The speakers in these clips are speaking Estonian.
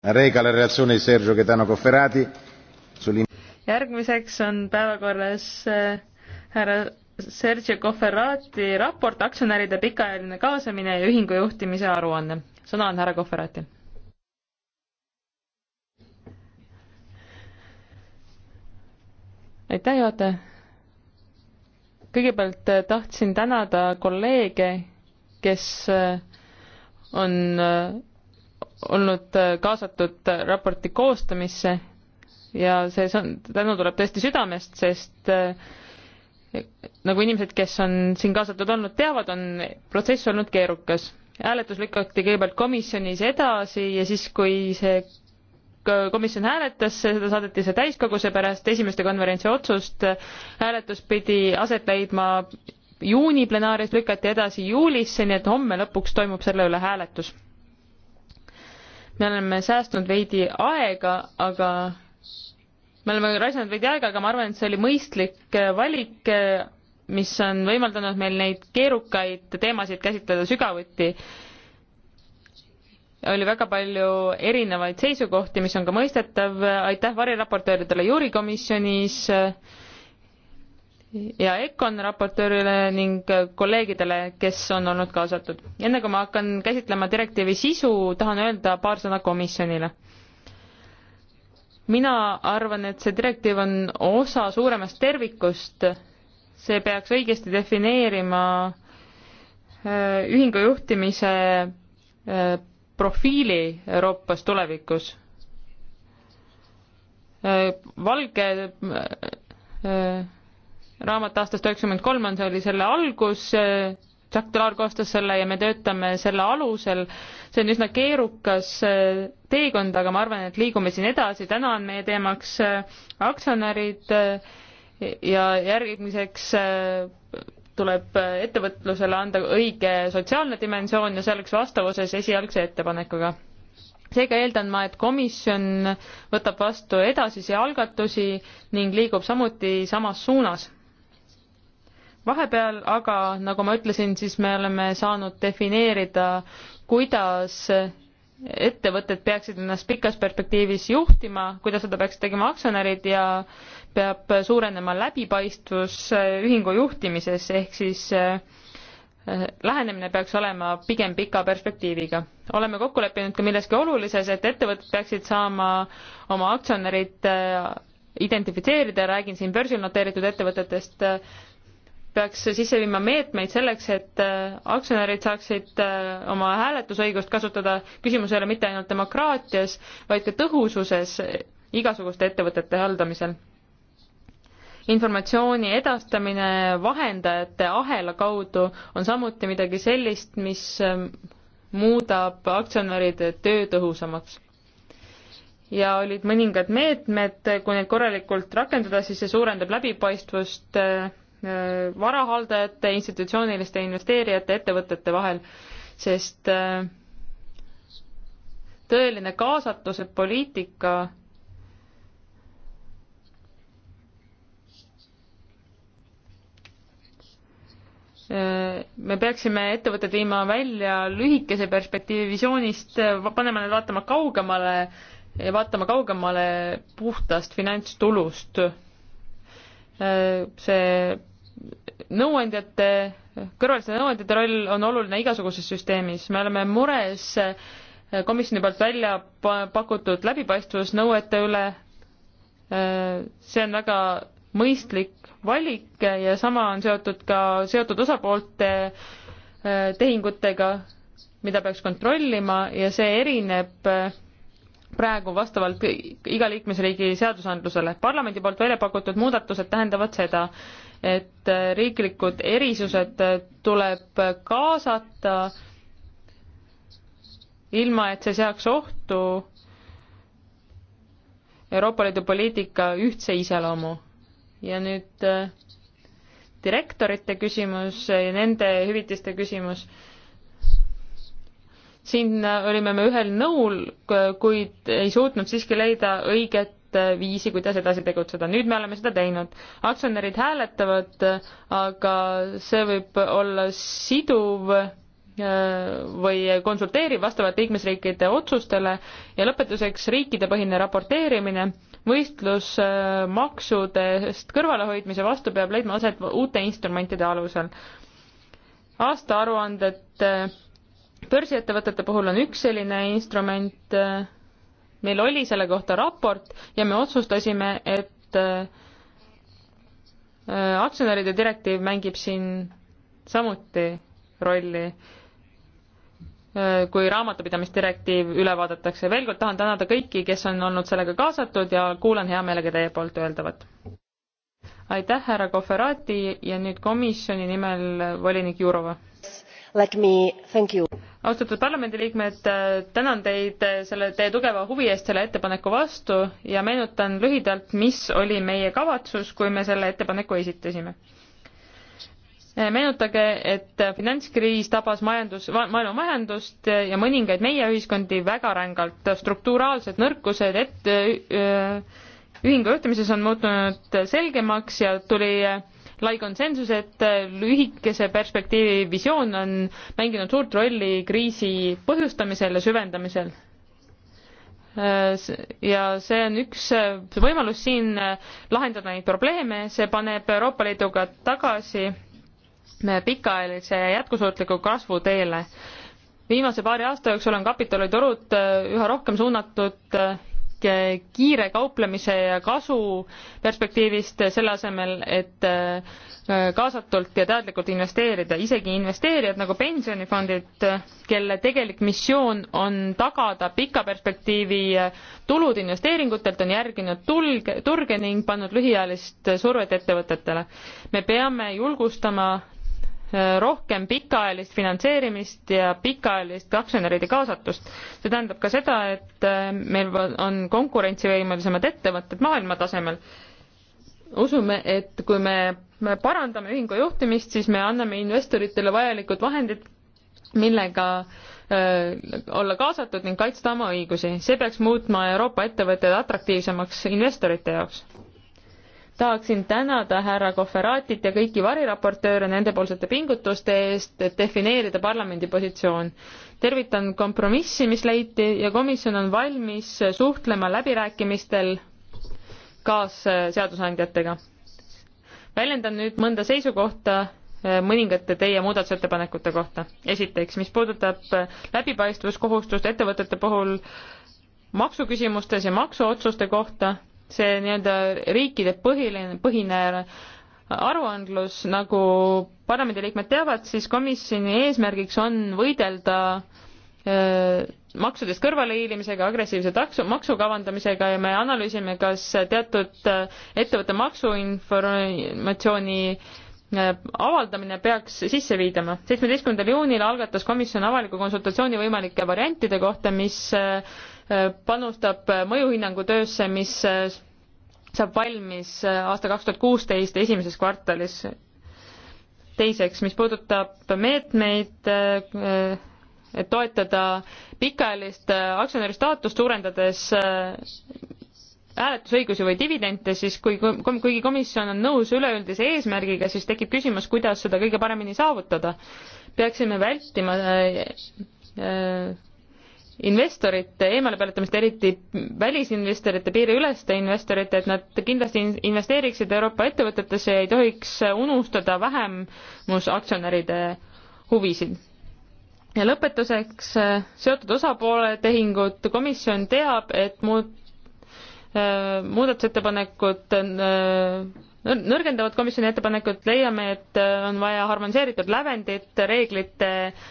reca la relatsioone Sergio Getano Cofferati sul järgmiseks on päevakorras eh, härra Sergio Cofferati raport aktsionäride pikaajaline kaasamine ja ühingu juhtimise aruanne. sõna on härra Cofferatil. aitäh, juhataja. kõigepealt eh, tahtsin tänada kolleege, kes eh, on olnud äh, kaasatud raporti koostamisse ja see tänu tuleb tõesti südamest, sest äh, nagu inimesed, kes on siin kaasatud olnud, teavad, on protsess olnud keerukas. hääletus lükati kõigepealt komisjonis edasi ja siis, kui see komisjon hääletas, seda saadeti see täiskogusse pärast esimeste konverentsi otsust. hääletus pidi aset leidma juuni plenaarias, lükati edasi juulisse, nii et homme lõpuks toimub selle üle hääletus me oleme säästnud veidi aega, aga me oleme raisanud veidi aega, aga ma arvan, et see oli mõistlik äh, valik, äh, mis on võimaldanud meil neid keerukaid teemasid käsitleda sügavuti. oli väga palju erinevaid seisukohti, mis on ka mõistetav, aitäh variraportööridele juurikomisjonis äh, ja EKON raportöörile ning kolleegidele, kes on olnud kaasatud. enne kui ma hakkan käsitlema direktiivi sisu, tahan öelda paar sõna komisjonile. mina arvan, et see direktiiv on osa suuremast tervikust, see peaks õigesti defineerima äh, ühingu juhtimise äh, profiili Euroopas tulevikus. Äh, valge raamat aastast üheksakümmend kolm on, see oli selle algus, Jack Delar koostas selle ja me töötame selle alusel. see on üsna keerukas äh, teekond, aga ma arvan, et liigume siin edasi. täna on meie teemaks äh, aktsionärid äh, ja järgmiseks tuleb ettevõtlusele anda õige sotsiaalne dimensioon ja see oleks vastavuses esialgse ettepanekuga. seega eeldan ma, et komisjon võtab vastu edasisi algatusi ning liigub samuti samas suunas vahepeal, aga nagu ma ütlesin, siis me oleme saanud defineerida, kuidas ettevõtted peaksid ennast pikas perspektiivis juhtima, kuidas seda peaksid tegema aktsionärid ja peab suurenema läbipaistvus ühingu juhtimises, ehk siis eh, lähenemine peaks olema pigem pika perspektiiviga. oleme kokku leppinud ka milleski olulises, et ettevõtted peaksid saama oma aktsionärid eh, identifitseerida, räägin siin börsil noteeritud ettevõtetest, peaks sisse viima meetmeid selleks, et äh, aktsionärid saaksid äh, oma hääletusõigust kasutada. küsimus ei ole mitte ainult demokraatias, vaid ka tõhususes äh, igasuguste ettevõtete haldamisel. informatsiooni edastamine vahendajate ahela kaudu on samuti midagi sellist, mis ähm, muudab aktsionäride töö tõhusamaks ja olid mõningad meetmed, kui neid korralikult rakendada, siis see suurendab läbipaistvust Äh, varahaldajate, institutsiooniliste investeerijate, ettevõtete vahel, sest äh, tõeline kaasatuse poliitika äh, me peaksime ettevõtted viima välja lühikese perspektiivi visioonist, panema need vaatama kaugemale ja vaatama kaugemale puhtast finantstulust see nõuandjate, kõrvaliste nõuandjate roll on oluline igasuguses süsteemis, me oleme mures komisjoni poolt välja pakutud läbipaistvusnõuete üle, see on väga mõistlik valik ja sama on seotud ka seotud osapoolte eh, tehingutega, mida peaks kontrollima ja see erineb eh, praegu vastavalt iga liikmesriigi seadusandlusele. parlamendi poolt välja pakutud muudatused tähendavad seda, et äh, riiklikud erisused äh, tuleb kaasata ilma, et see seaks ohtu Euroopa Liidu poliitika ühtse iseloomu. ja nüüd äh, direktorite küsimus ja nende hüvitiste küsimus siin äh, olime me ühel nõul, kuid ei suutnud siiski leida õiget äh, viisi, kuidas edasi tegutseda. nüüd me oleme seda teinud. aktsionärid hääletavad, aga see võib olla siduv äh, või konsulteerib vastavalt liikmesriikide otsustele ja lõpetuseks riikidepõhine raporteerimine. võistlus maksudest kõrvalehoidmise vastu peab leidma aset uute instrumentide alusel. aastaaruanded börsiettevõtete puhul on üks selline instrument, meil oli selle kohta raport ja me otsustasime, et äh, aktsionäride direktiiv mängib siin samuti rolli, äh, kui raamatupidamisdirektiiv üle vaadatakse. veel kord tahan tänada kõiki, kes on olnud sellega kaasatud ja kuulan hea meelega teie poolt öeldavat. aitäh, härra Kohverati ja nüüd komisjoni nimel volinik Jurova austatud parlamendiliikmed tänan teid selle teie tugeva huvi eest selle ettepaneku vastu ja meenutan lühidalt mis oli meie kavatsus kui me selle ettepaneku esitasime meenutage et finantskriis tabas majandus maailma majandust ja mõningaid meie ühiskondi väga rängalt strukturaalsed nõrkused et ühingu juhtimises on muutunud selgemaks ja tuli lai konsensus, et äh, lühikese perspektiivi visioon on mänginud suurt rolli kriisi põhjustamisel ja süvendamisel. Äh, ja see on üks äh, võimalus siin lahendada neid probleeme, see paneb Euroopa Liiduga tagasi pikaajalise jätkusuutliku kasvu teele viimase paari aasta jooksul on kapitaliturud üha rohkem suunatud kiire kauplemise ja kasu perspektiivist, selle asemel, et äh, kaasatult ja teadlikult investeerida. isegi investeerijad nagu pensionifondid, kelle tegelik missioon on tagada pika perspektiivi tulud investeeringutelt, on järginud tulge, turge ning pannud lühiajalist survet ettevõtetele. me peame julgustama rohkem pikaajalist finantseerimist ja pikaajalist aktsionäride kaasatust. see tähendab ka seda, et äh, meil on konkurentsivõimelisemad ettevõtted maailma tasemel. usume, et kui me, me parandame ühingu juhtimist, siis me anname investoritele vajalikud vahendid, millega öö, äh, olla kaasatud ning kaitsta oma õigusi. see peaks muutma Euroopa ettevõtted atraktiivsemaks investorite jaoks tahaksin tänada härra Koferaatit ja kõiki variraportööre nendepoolsete pingutuste eest, et defineerida parlamendi positsioon. tervitan kompromissi, mis leiti ja komisjon on valmis suhtlema läbirääkimistel kaasseadusandjatega. väljendan nüüd mõnda seisukohta eh, mõningate teie muudatusettepanekute kohta. esiteks, mis puudutab eh, läbipaistvuskohustust ettevõtete puhul maksuküsimustes ja maksuotsuste kohta see nii-öelda riikide põhiline, põhine aruandlus, nagu parlamendiliikmed teavad, siis komisjoni eesmärgiks on võidelda maksudest kõrvalehiilimisega, agressiivse taksu, maksu kavandamisega ja me analüüsime, kas teatud ettevõtte maksuinformatsiooni avaldamine peaks sisse viidama. seitsmeteistkümnendal juunil algatas komisjon avaliku konsultatsiooni võimalike variantide kohta, mis panustab mõjuhinnangu töösse, mis äh, saab valmis äh, aasta kaks tuhat kuusteist esimeses kvartalis. teiseks, mis puudutab meetmeid, äh, et toetada pikaajalist aktsionäri staatust, suurendades hääletusõigusi või dividende, siis kui, kuigi komisjon on nõus üleüldise eesmärgiga, siis tekib küsimus, kuidas seda kõige paremini saavutada. peaksime vältima investorite eemalepääletamist, eriti välisinvestorite, piiriüleste investorite, et nad kindlasti investeeriksid Euroopa ettevõtetesse ja ei tohiks unustada vähemusaktsionäride huvisid. ja lõpetuseks äh, seotud osapoole tehingud, komisjon teab, et muud äh, muudatusettepanekud äh, nõrgendavad komisjoni ettepanekut, leiame, et äh, on vaja harmoniseeritud lävendit reeglite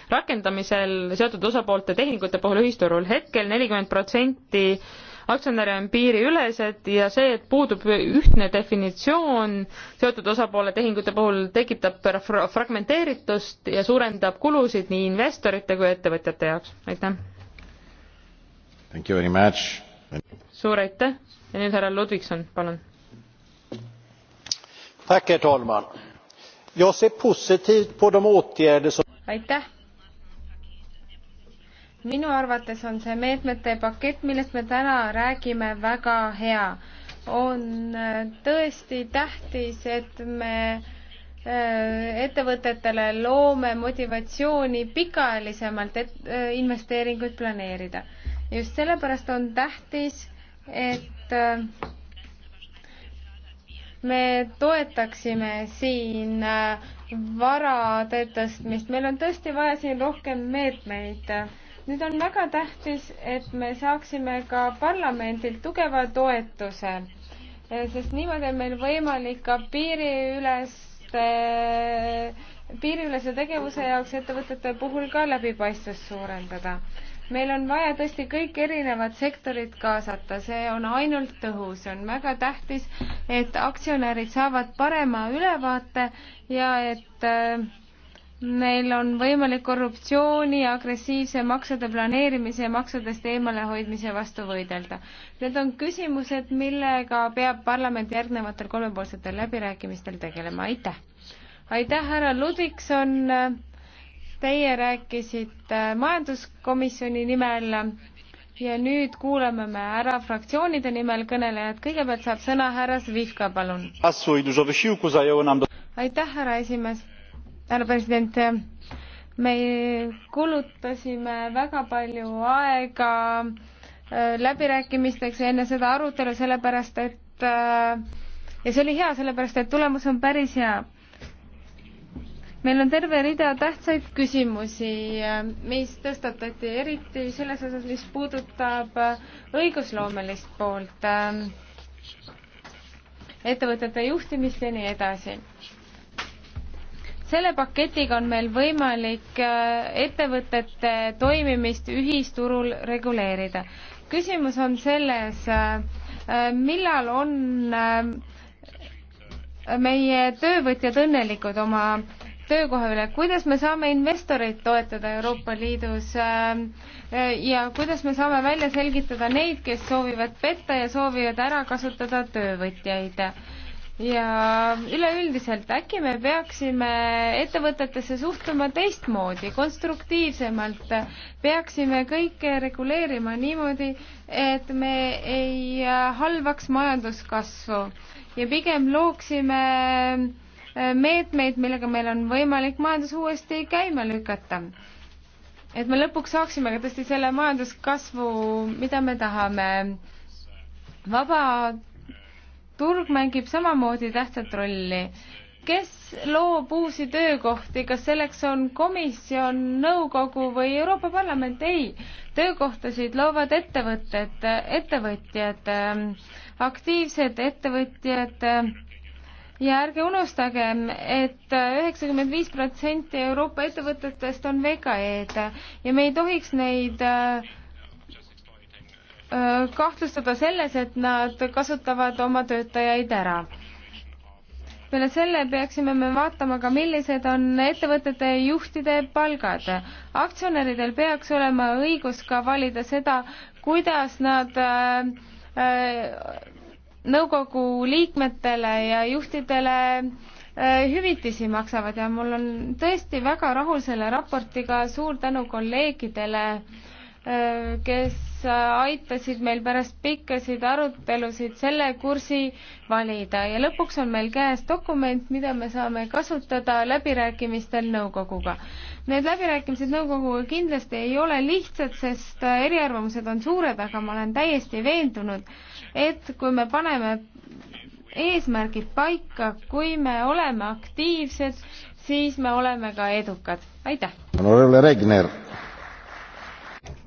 rakendamisel seotud osapoolte tehingute puhul ühisturul. hetkel nelikümmend protsenti aktsionäre on piiriülesed ja see, et puudub ühtne definitsioon seotud osapoole tehingute puhul, tekitab fragmenteeritust ja suurendab kulusid nii investorite kui ettevõtjate jaoks. aitäh! suur aitäh ja nüüd härra Ludvigson, palun! herr talman! Jag ser positivt på de åtgärder som. aitäh! minu arvates on see meetmete pakett, millest me täna räägime, väga hea. on äh, tõesti tähtis, et me äh, ettevõtetele loome motivatsiooni pikaajalisemalt et äh, investeeringuid planeerida. just sellepärast on tähtis, et me toetaksime siin äh, varade tõstmist, meil on tõesti vaja siin rohkem meetmeid. nüüd on väga tähtis, et me saaksime ka parlamendilt tugeva toetuse, äh, sest niimoodi on meil võimalik ka piiriüleste, piiriülese tegevuse jaoks ettevõtete puhul ka läbipaistvust suurendada meil on vaja tõesti kõik erinevad sektorid kaasata, see on ainult tõhus, on väga tähtis, et aktsionärid saavad parema ülevaate ja et neil äh, on võimalik korruptsiooni, agressiivse maksude planeerimise ja maksudest eemalehoidmise vastu võidelda. Need on küsimused, millega peab parlament järgnevatel kolmepoolsetel läbirääkimistel tegelema, aitäh! aitäh, härra Ludvikson! Teie rääkisite majanduskomisjoni nimel ja nüüd kuulame me ära fraktsioonide nimel kõnelejad. kõigepealt saab sõna härra Zvihka, palun. aitäh, härra esimees, härra president. me kulutasime väga palju aega äh, läbirääkimisteks ja enne seda arutelu, sellepärast et äh, ja see oli hea, sellepärast et tulemus on päris hea meil on terve rida tähtsaid küsimusi, äh, mis tõstatati eriti selles osas, mis puudutab äh, õigusloomelist poolt, äh, ettevõtete juhtimist ja nii edasi selle paketiga on meil võimalik ettevõtete toimimist ühisturul reguleerida. küsimus on selles, millal on meie töövõtjad õnnelikud oma töökoha üle, kuidas me saame investoreid toetada Euroopa Liidus ähm, äh, ja kuidas me saame välja selgitada neid, kes soovivad petta ja soovivad ära kasutada töövõtjaid ja üleüldiselt äkki me peaksime ettevõtetesse suhtuma teistmoodi, konstruktiivsemalt, peaksime kõike reguleerima niimoodi, et me ei äh, halvaks majanduskasvu ja pigem looksime meetmeid, millega meil on võimalik majandus uuesti käima lükata. et me lõpuks saaksime ka tõesti selle majanduskasvu, mida me tahame. vaba turg mängib samamoodi tähtsat rolli. kes loob uusi töökohti, kas selleks on komisjon, nõukogu või Euroopa Parlament? ei, töökohtasid loovad ettevõtted, ettevõtjad, aktiivsed ettevõtjad ja ärge unustagem et, et üheksakümmend viis protsenti Euroopa ettevõtetest on VKE-d ja me ei tohiks neid äh, äh, kahtlustada selles, et nad kasutavad oma töötajaid ära. peale selle peaksime me vaatama ka, millised on ettevõtete juhtide palgad. aktsionäridel peaks olema õigus ka valida seda, kuidas nad äh, äh, nõukogu liikmetele ja juhtidele äh, hüvitisi maksavad ja mul on tõesti väga rahul selle raportiga, suur tänu kolleegidele, äh, kes aitasid meil pärast pikkasid arutelusid selle kursi valida ja lõpuks on meil käes dokument, mida me saame kasutada läbirääkimistel nõukoguga. Need läbirääkimised nõukoguga kindlasti ei ole lihtsad, sest äh, eriarvamused on suured, aga ma olen täiesti veendunud, et kui me paneme eesmärgid paika, kui me oleme aktiivsed, siis me oleme ka edukad. aitäh!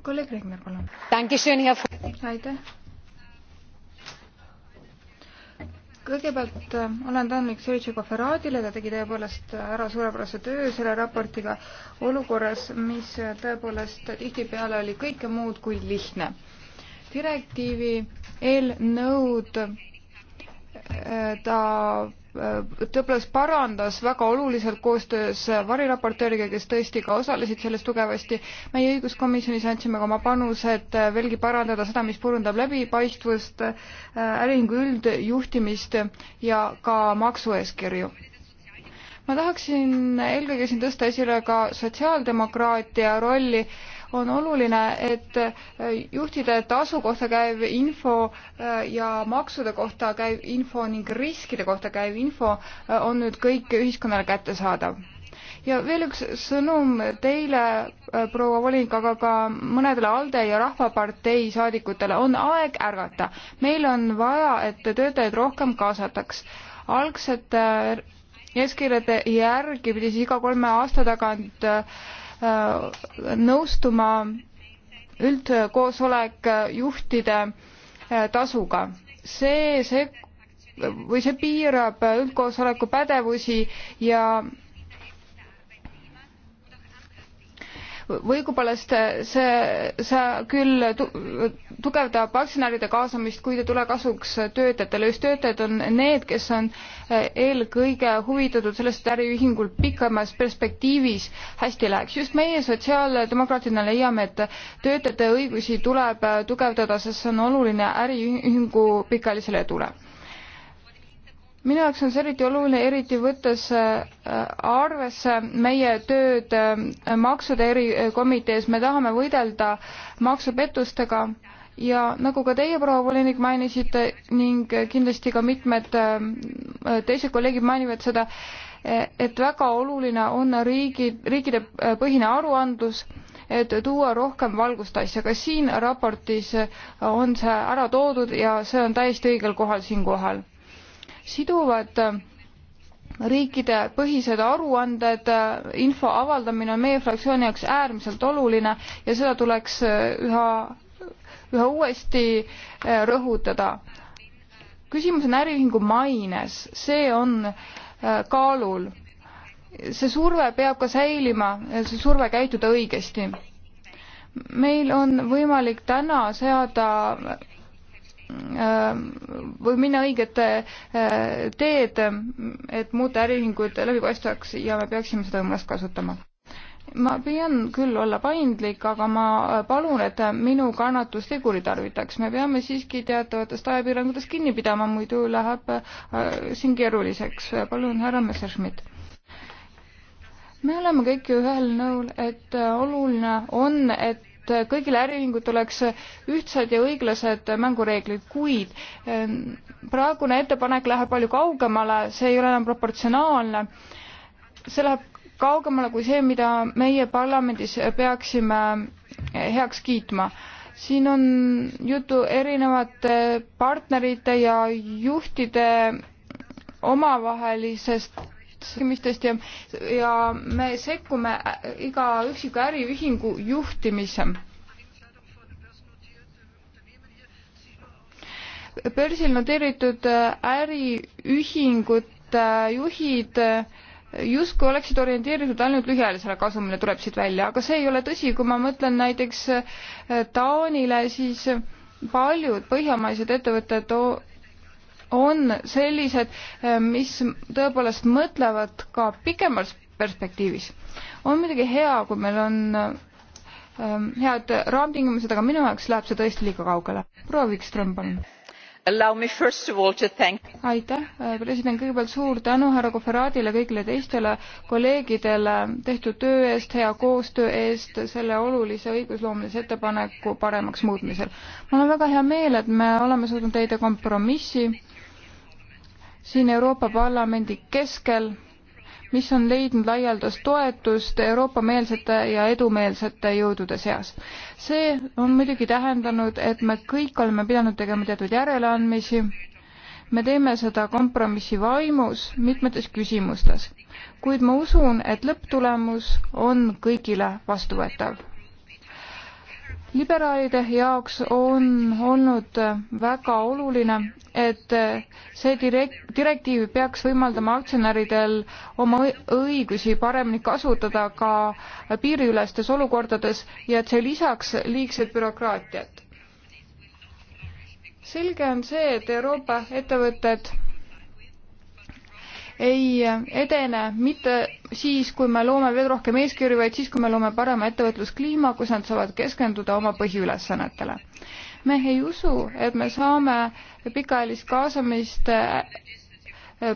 kolleeg Regner, palun! aitäh! kõigepealt äh, olen tänulik Sergei Koferaadile, ta tegi tõepoolest ära suurepärase töö selle raportiga olukorras, mis äh, tõepoolest tihtipeale oli kõike muud kui lihtne. direktiivi eelnõud äh, ta tõepoolest parandas väga oluliselt koostöös variraportööriga, kes tõesti ka osalesid selles tugevasti. meie õiguskomisjonis andsime ka oma panuse, et veelgi parandada seda, mis puudutab läbipaistvust, äriühingu üldjuhtimist ja ka maksueeskirju. ma tahaksin eelkõige siin tõsta esile ka sotsiaaldemokraatia rolli äh, on oluline, et äh, juhtide tasu kohta käiv info äh, ja maksude kohta käiv info ning riskide kohta käiv info äh, on nüüd kõik ühiskonnale kättesaadav ja veel üks sõnum teile, proua volinik, aga ka mõnedele ALDE ja Rahvapartei saadikutele, on aeg ärgata. meil on vaja, et töötajaid rohkem kaasataks. algsete eeskirjade järgi pidi siis iga kolme aasta tagant äh, Äh, nõustuma üldkoosolek juhtide äh, tasuga. see, see või see piirab üldkoosoleku pädevusi ja või õigupoolest see, see küll tu, tugevdab aktsionäride kaasamist, kuid ei tule kasuks töötajatele. just töötajad on need, kes on eh, eelkõige huvitatud sellest, et äriühingul pikemas perspektiivis hästi läheks. just meie sotsiaaldemokraatidena leiame, et töötajate õigusi tuleb eh, tugevdada, sest see on oluline äriühingu pikaajalisele edule minu jaoks on see eriti oluline, eriti võttes äh, arvesse meie tööd äh, maksude erikomitees, äh, me tahame võidelda maksupettustega ja nagu ka teie, proua volinik, mainisite ning kindlasti ka mitmed teised kolleegid mainivad seda, et väga oluline on riigi, riikide põhine aruandlus, et tuua rohkem valgust asja. ka siin raportis on see ära toodud ja see on täiesti õigel kohal siinkohal siduvad riikide põhised aruanded, info avaldamine on meie fraktsiooni jaoks äärmiselt oluline ja seda tuleks üha, üha uuesti eh, rõhutada. küsimus on äriühingu maines, see on eh, kaalul. see surve peab ka säilima, see surve käituda õigesti meil on võimalik täna seada Äh, või minna õiget äh, teed, et muuta äriühingud läbipaistvaks ja me peaksime seda võimalust kasutama. ma püüan küll olla paindlik, aga ma palun, et minu kannatust ei kuritarvitaks. me peame siiski teatavatest ajapiirangutest kinni pidama, muidu läheb äh, siin keeruliseks. palun, härra Messerschmidt me oleme kõik ju ühel nõul, et oluline on, et et kõigil äriühingutel oleks ühtsed ja õiglased mängureeglid, kuid ehm, praegune ettepanek läheb palju kaugemale, see ei ole enam proportsionaalne. see läheb kaugemale kui see, mida meie parlamendis peaksime heaks kiitma siin on juttu erinevate partnerite ja juhtide omavahelisest küsimustest ja, ja me sekkume äh, iga üksiku äriühingu juhtimisse. börsil noteeritud äh, äriühingute äh, juhid justkui oleksid orienteeritud ainult lühiajalisele kasumile, tuleb siit välja, aga see ei ole tõsi, kui ma mõtlen näiteks Taanile, siis paljud põhjamaised ettevõtted on sellised, eh, mis tõepoolest mõtlevad ka pikemas perspektiivis. on muidugi hea, kui meil on ähm, head raamtingimused, aga minu jaoks läheb see tõesti liiga kaugele. proua Wikström, palun. aitäh, eh, president, kõigepealt suur tänu härra Koferaadile, kõigile teistele kolleegidele tehtud töö eest, hea koostöö eest selle olulise õigusloomelise ettepaneku paremaks muutmisel. mul on väga hea meel, et me oleme suutnud leida kompromissi siin Euroopa Parlamendi keskel, mis on leidnud laialdast toetust Euroopa-meelsete ja edumeelsete jõudude seas. see on muidugi tähendanud, et me kõik oleme pidanud tegema teatud järeleandmisi, me teeme seda kompromissi vaimus mitmetes küsimustes, kuid ma usun, et lõpptulemus on kõigile vastuvõetav liberaalide jaoks on olnud väga oluline, et see direkt-, direktiiv peaks võimaldama aktsionäridel oma õigusi paremini kasutada ka piiriülestes olukordades ja et see lisaks liigset bürokraatiat. selge on see, et Euroopa ettevõtted ei edene mitte siis, kui me loome veel rohkem eeskirju, vaid siis, kui me loome parema ettevõtluskliima, kus nad saavad keskenduda oma põhiülesannetele. me ei usu, et me saame pikaajalist kaasamist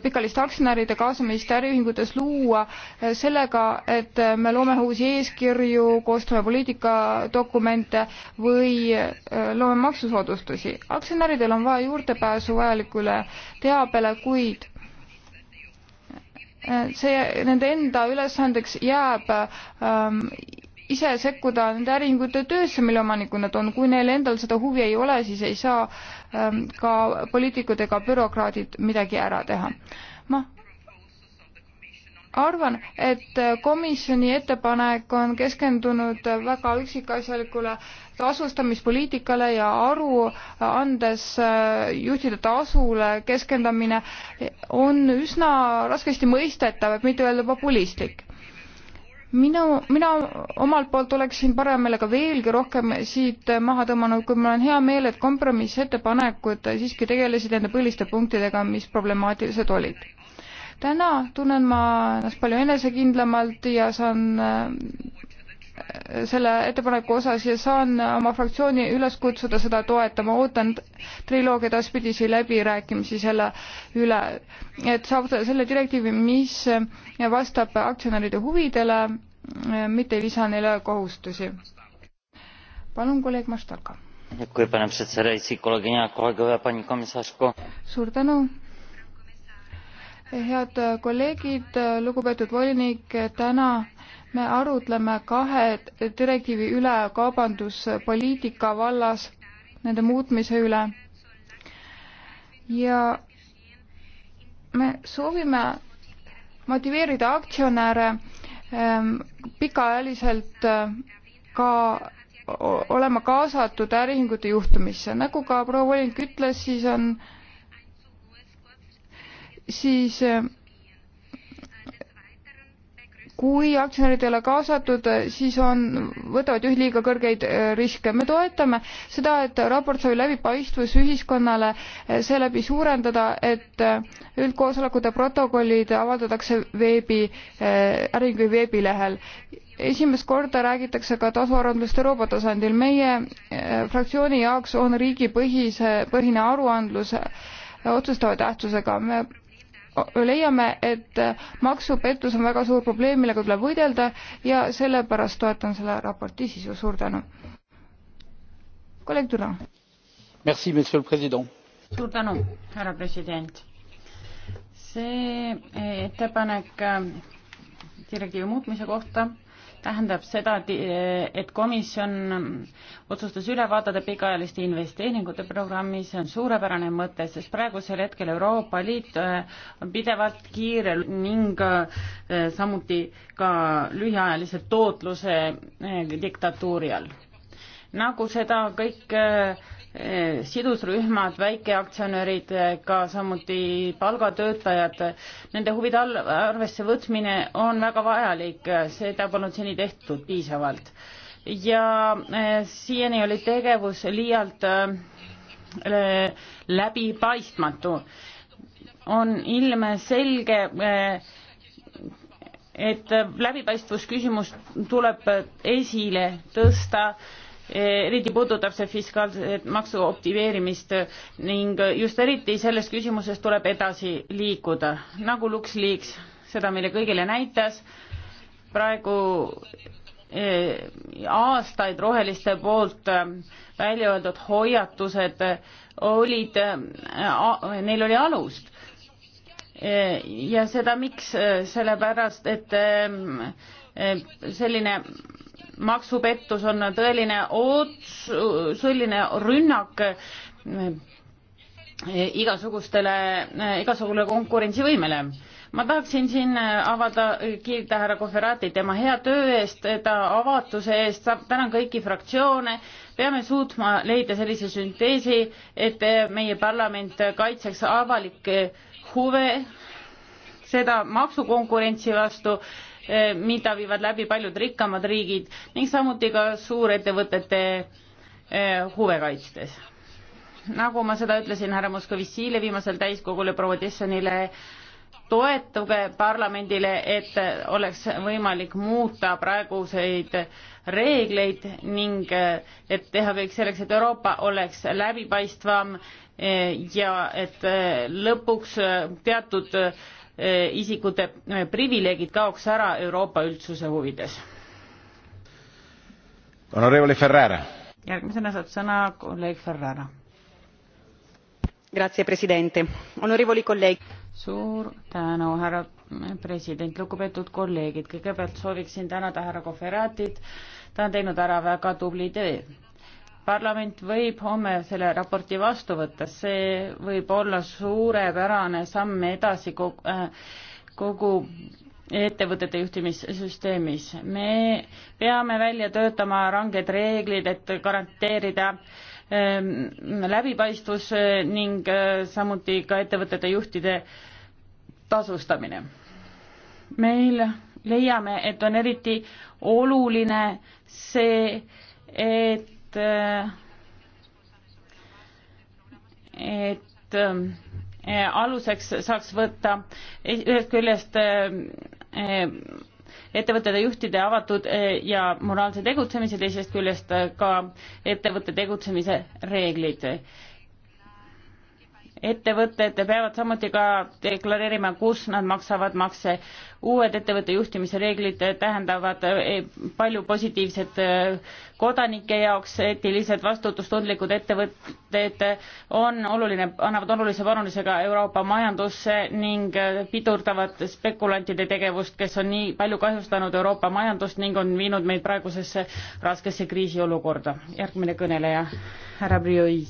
pikaajalist aktsionäride kaasamist äriühingutes luua sellega, et me loome uusi eeskirju, koostame poliitikadokumente või loome maksusoodustusi. aktsionäridel on vaja juurdepääsu vajalikule teabele, kuid Eh, see nende enda ülesandeks jääb ähm, ise sekkuda nende äriühingute töösse, mille omanikud nad on. kui neil endal seda huvi ei ole, siis ei saa ähm, ka poliitikud ega bürokraadid midagi ära teha arvan, et komisjoni ettepanek on keskendunud väga üksikasjalikule tasustamispoliitikale ja aru andes äh, juhtide tasule keskendamine on üsna raskesti mõistetav, et mitte öelda populistlik. minu, mina omalt poolt oleksin parema meelega veelgi rohkem siit maha tõmmanud, kuid mul on hea meel, et kompromissettepanekud siiski tegelesid nende põhiliste punktidega, mis problemaatilised olid täna tunnen ma ennast palju enesekindlamalt ja saan äh, selle ettepaneku osas ja saan oma fraktsiooni üles kutsuda seda toetama. ootan triloogia edaspidisi läbirääkimisi selle üle, et saavutada selle direktiivi, mis vastab aktsionäride huvidele, äh, mitte ei lisa neile kohustusi. palun, kolleeg Mastalka. suur tänu, head kolleegid, lugupeetud volinik, täna me arutleme kahe direktiivi üle kaubanduspoliitika vallas, nende muutmise üle. ja me soovime motiveerida aktsionäre ehm, pikaajaliselt eh, ka olema kaasatud äriühingute juhtumisse. nagu ka proua volinik ütles, siis on siis äh, kui aktsionärid ei ole kaasatud, äh, siis on, võtavad juhtliiga kõrgeid äh, riske. me toetame seda, et raport sai läbipaistvus ühiskonnale seeläbi suurendada, et üldkoosolekute protokollid avaldatakse veebi, äriühingu veebilehel. esimest korda räägitakse ka tasuarvandlust Euroopa tasandil. meie fraktsiooni jaoks on riigipõhise, põhine aruandlus otsustava tähtsusega. me leiame, et maksupettus on väga suur probleem, millega tuleb võidelda ja sellepärast toetan selle raporti sisu, suur tänu. kolleeg Tuna. suur tänu, härra president. see eh, ettepanek eh, direktiivi muutmise kohta tähendab seda, et komisjon otsustas üle vaadata pikaajaliste investeeringute programmi, see on suurepärane mõte, sest praegusel hetkel Euroopa Liit äh, on pidevalt kiire ning äh, samuti ka lühiajalise tootluse äh, diktatuuri all. nagu seda kõik sidusrühmad, väikeaktsionärid, ka samuti palgatöötajad, nende huvide all arvesse võtmine on väga vajalik, seda polnud seni tehtud piisavalt. ja eh, siiani oli tegevus liialt eh, läbipaistmatu. on ilmselge, eh, et läbipaistvus küsimus tuleb esile tõsta eriti puudutab see fiskaalset maksu optimeerimist ning just eriti selles küsimuses tuleb edasi liikuda, nagu LuxLeaks seda meile kõigile näitas, praegu eh, aastaid roheliste poolt eh, välja öeldud hoiatused olid, eh, neil oli alust. ja seda miks, sellepärast et selline maksupettus on tõeline ots, selline rünnak eh, igasugustele, eh, igasugusele konkurentsivõimele. ma tahaksin siin eh, avada, kiita härra Kohverati tema hea töö eest, ta avatuse eest, tänan kõiki fraktsioone, peame suutma leida sellise sünteesi, et meie parlament kaitseks avalikke huve, seda maksukonkurentsi vastu Eh, mida viivad läbi paljud rikkamad riigid ning samuti ka suurettevõtete eh, huve kaitstes. nagu ma seda ütlesin härra Moskovitšile viimasel täiskogul ja proua Tissonile, toetuge parlamendile, et oleks võimalik muuta praeguseid reegleid ning eh, et teha kõik selleks, et Euroopa oleks läbipaistvam ja et lõpuks teatud Eh, isikute eh, privileegid kaoks ära Euroopa üldsuse huvides. Honorevole Ferrara. järgmisena saab sõna kolleeg Ferrara. Grazie Presidente, onorevoli kolleeg. suur tänu, härra president, lugupeetud kolleegid, kõigepealt sooviksin tänada härra Kohveratit, ta on teinud ära väga tubli töö parlament võib homme selle raporti vastu võtta, see võib olla suurepärane samm edasi kogu, äh, kogu ettevõtete juhtimissüsteemis. me peame välja töötama ranged reeglid, et garanteerida ähm, läbipaistvus äh, ning äh, samuti ka ettevõtete juhtide tasustamine. meil leiame, et on eriti oluline see, et et et eh, aluseks saaks võtta ühest küljest eh, ettevõtete juhtide avatud eh, ja moraalse tegutsemise, teisest küljest ka ettevõtte tegutsemise reeglid ettevõtted peavad samuti ka deklareerima, kus nad maksavad makse. uued ettevõtte juhtimise reeglid tähendavad eh, palju positiivset eh, kodanike jaoks, eetilised vastutustundlikud ettevõtted on oluline, annavad olulise panuse ka Euroopa majandusse ning eh, pidurdavad spekulantide tegevust, kes on nii palju kahjustanud Euroopa majandust ning on viinud meid praegusesse raskesse kriisiolukorda. järgmine kõneleja, härra Brioi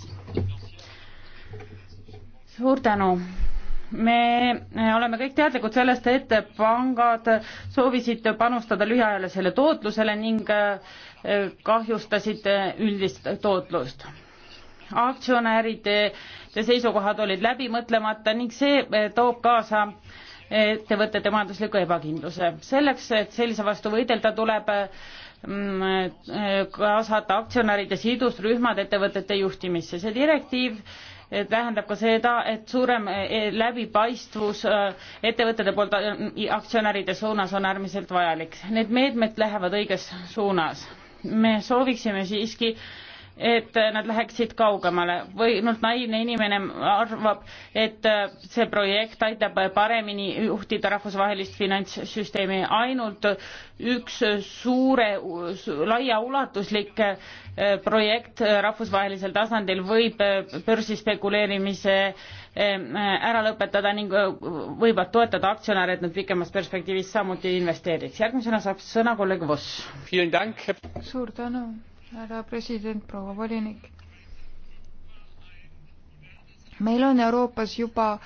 suur tänu me oleme kõik teadlikud sellest, et pangad soovisid panustada lühiajalisele tootlusele ning äh, kahjustasid äh, üldist tootlust. aktsionäride seisukohad olid läbimõtlemata ning see äh, toob kaasa ettevõtete majandusliku ebakindluse. selleks, et sellise vastu võidelda, tuleb mm, kaasata aktsionäride sidusrühmad ettevõtete juhtimisse. see direktiiv Eh, tähendab ka seda, et suurem eh, eh, läbipaistvus ettevõtete poolt aktsionäride suunas on äärmiselt vajalik. Need meetmed lähevad õiges suunas. me sooviksime siiski et äh, nad läheksid kaugemale või noh, naiivne inimene arvab, et äh, see projekt aitab paremini juhtida rahvusvahelist finantssüsteemi. ainult üks suure, laiaulatuslik äh, projekt rahvusvahelisel tasandil võib börsispekuleerimise ära lõpetada ning võivad toetada aktsionäre, et nad pikemas perspektiivis samuti investeeriks. järgmisena saab sõna kolleeg Voss. suur tänu härra president, proua volinik. meil on Euroopas juba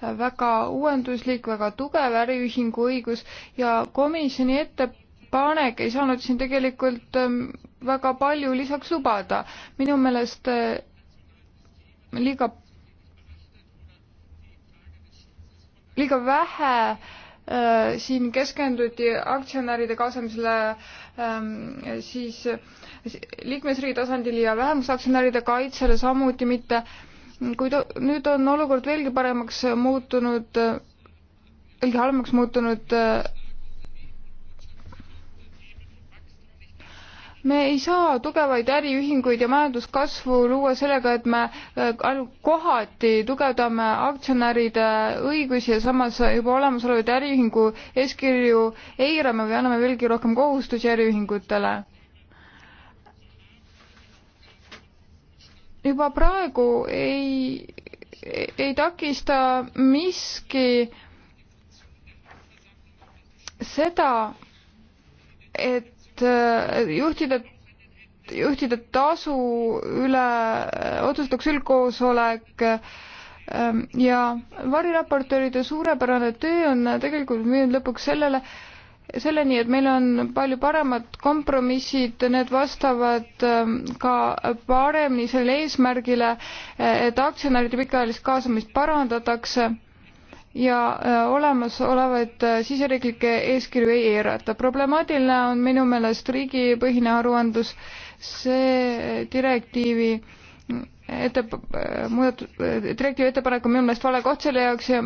väga uuenduslik, väga tugev äriühingu õigus ja komisjoni ettepanek ei saanud siin tegelikult ähm, väga palju lisaks lubada. minu meelest äh, liiga, liiga vähe äh, Äh, siin keskenduti aktsionäride kaasamisele ähm, siis liikmesriigi tasandil ja vähemusaktsionäride kaitsele samuti mitte. kuid nüüd on olukord veelgi paremaks muutunud, veelgi halvemaks muutunud äh, me ei saa tugevaid äriühinguid ja majanduskasvu luua sellega, et me äh, ainult kohati tugevdame aktsionäride õigusi ja samas juba olemasolevaid äriühingu eeskirju eirame või anname veelgi rohkem kohustusi äriühingutele. juba praegu ei, ei takista miski seda, et juhtida, äh, juhtida tasu üle äh, otsustatakse üldkoosolek ähm, ja variraportööride suurepärane töö on tegelikult müünud lõpuks sellele, selleni, et meil on palju paremad kompromissid, need vastavad ähm, ka paremini sellele eesmärgile, äh, et aktsionäride pikaajalist kaasamist parandatakse ja äh, olemasolevaid äh, siseriiklikke eeskirju ei eirata. problemaatiline on minu meelest riigipõhine aruandlus, see äh, direktiivi ette, muudatus, direktiivi ettepanek on minu meelest vale koht selle jaoks ja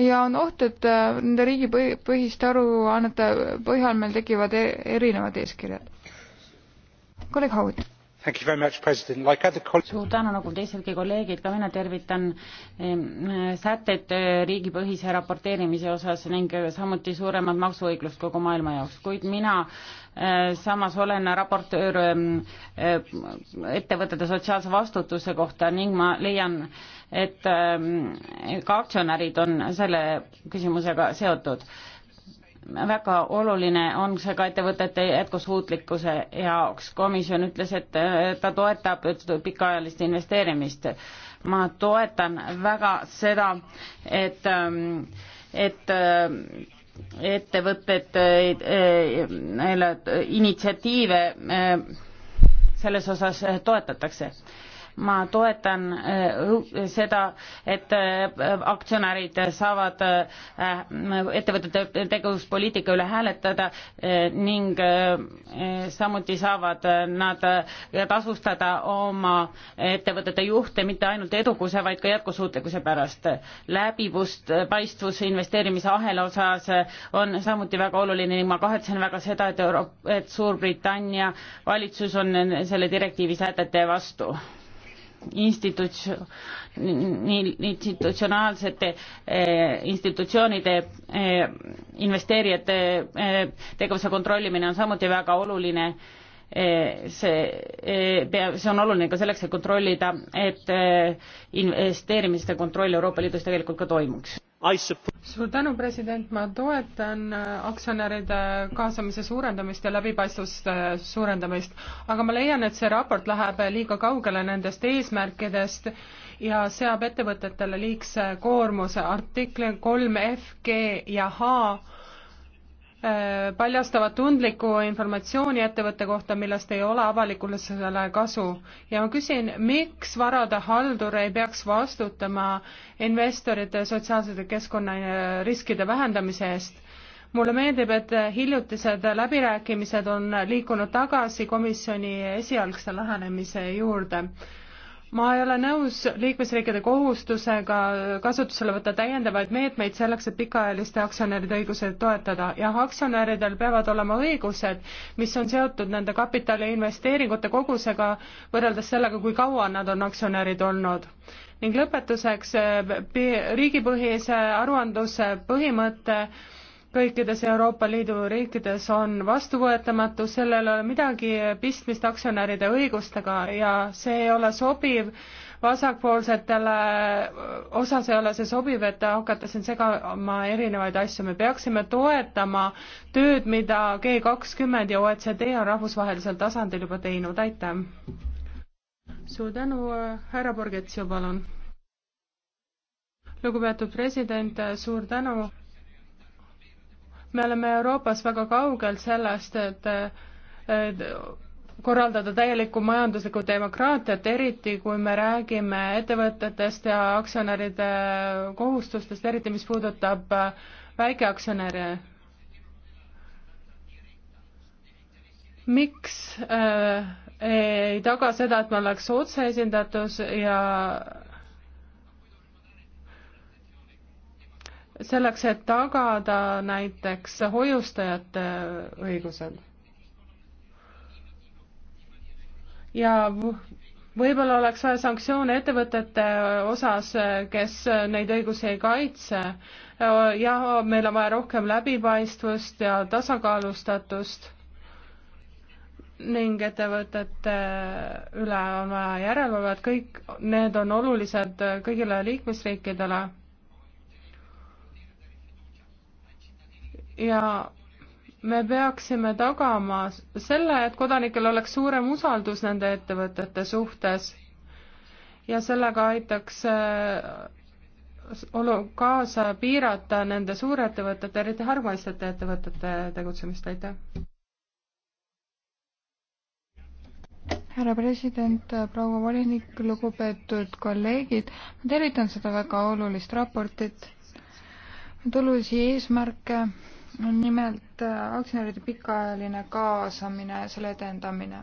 ja on oht, et nende riigipõhiste aruannete põhjal meil tekivad e-, erinevad eeskirjad. kolleeg Haut Like other... suur tänu nagu teisedki kolleegid ka mina tervitan eh, sätet eh, riigipõhise raporteerimise osas ning eh, samuti suuremat maksuõiglust kogu maailma jaoks kuid mina samas olen raportöör ettevõtete sotsiaalse vastutuse kohta ning ma leian et ka aktsionärid on selle küsimusega seotud väga oluline on see ka ettevõtete jätkusuutlikkuse jaoks. komisjon ütles, et ta toetab pikaajalist investeerimist. ma toetan väga seda, et, ähm, et ähm, ettevõtted, neile äh, äh, äh, initsiatiive selles osas toetatakse ma toetan äh, seda, et äh, aktsionärid saavad äh, ettevõtete tegevuspoliitika üle hääletada ning samuti saavad nad tasustada oma ettevõtete juhte mitte ainult edukuse, vaid ka jätkusuutlikkuse pärast. läbivust, paistvus investeerimise ahela osas on samuti väga oluline ning ma kahetsen väga seda, et Euro-, et Suurbritannia valitsus on selle direktiivi sätete vastu vastu institutsioonil, institutsionaalsete eh, institutsioonide eh, investeerijate eh, tegevuse kontrollimine on samuti väga oluline. see peab, see on oluline ka selleks, et kontrollida, et investeerimiste kontroll Euroopa Liidus tegelikult ka toimuks suur tänu, president, ma toetan äh, aktsionäride kaasamise suurendamist ja läbipaistvust äh, suurendamist, aga ma leian, et see raport läheb äh, liiga kaugele nendest eesmärkidest ja seab ettevõtetele liigse koormuse. artikli kolm F, G ja H Äh, paljastavad tundlikku informatsiooni ettevõtte kohta, millest ei ole avalikkusele kasu. ja ma küsin, miks varade haldur ei peaks vastutama investorite sotsiaalsete keskkonnariskide vähendamise eest? mulle meeldib, et hiljutised läbirääkimised on liikunud tagasi komisjoni esialgse lähenemise juurde ma ei ole nõus liikmesriikide kohustusega kasutusele võtta täiendavaid meetmeid selleks, et pikaajaliste aktsionäride õiguseid toetada. jah, aktsionäridel peavad olema õigused, mis on seotud nende kapitali investeeringute kogusega võrreldes sellega, kui kaua nad on aktsionärid olnud. ning lõpetuseks eh, riigipõhise aruandluse põhimõte kõikides Euroopa Liidu riikides on vastuvõetamatu, sellel ei ole midagi pistmist aktsionäride õigustega ja see ei ole sobiv vasakpoolsetele, osas ei ole see sobiv, et hakata siin segama erinevaid asju, me peaksime toetama tööd, mida G kakskümmend ja OECD on rahvusvahelisel tasandil juba teinud, aitäh! suur tänu, härra Borgetsio, palun! lugupeetud president, suur tänu! me oleme Euroopas väga kaugel sellest, et korraldada täielikku majanduslikku demokraatiat, eriti kui me räägime ettevõtetest ja aktsionäride kohustustest, eriti mis puudutab äh, väikeaktsionäre. miks äh, ei taga seda, et me oleks otseesindatus ja selleks, et tagada näiteks hoiustajate õigused. ja võib-olla oleks vaja sanktsioone ettevõtete osas, kes neid õigusi ei kaitse. ja meil on vaja rohkem läbipaistvust ja tasakaalustatust ning ettevõtete üle on vaja järelevalvet, kõik need on olulised kõigile liikmesriikidele ja me peaksime tagama selle, et kodanikel oleks suurem usaldus nende ettevõtete suhtes ja sellega aitaks äh, olu-, kaasa piirata nende suurettevõtete, eriti hargmaistete ettevõtete tegutsemist, aitäh! härra president, proua volinik, lugupeetud kolleegid, ma tervitan seda väga olulist raportit, tulusid eesmärke nimelt äh, aktsionäride pikaajaline kaasamine, selle edendamine.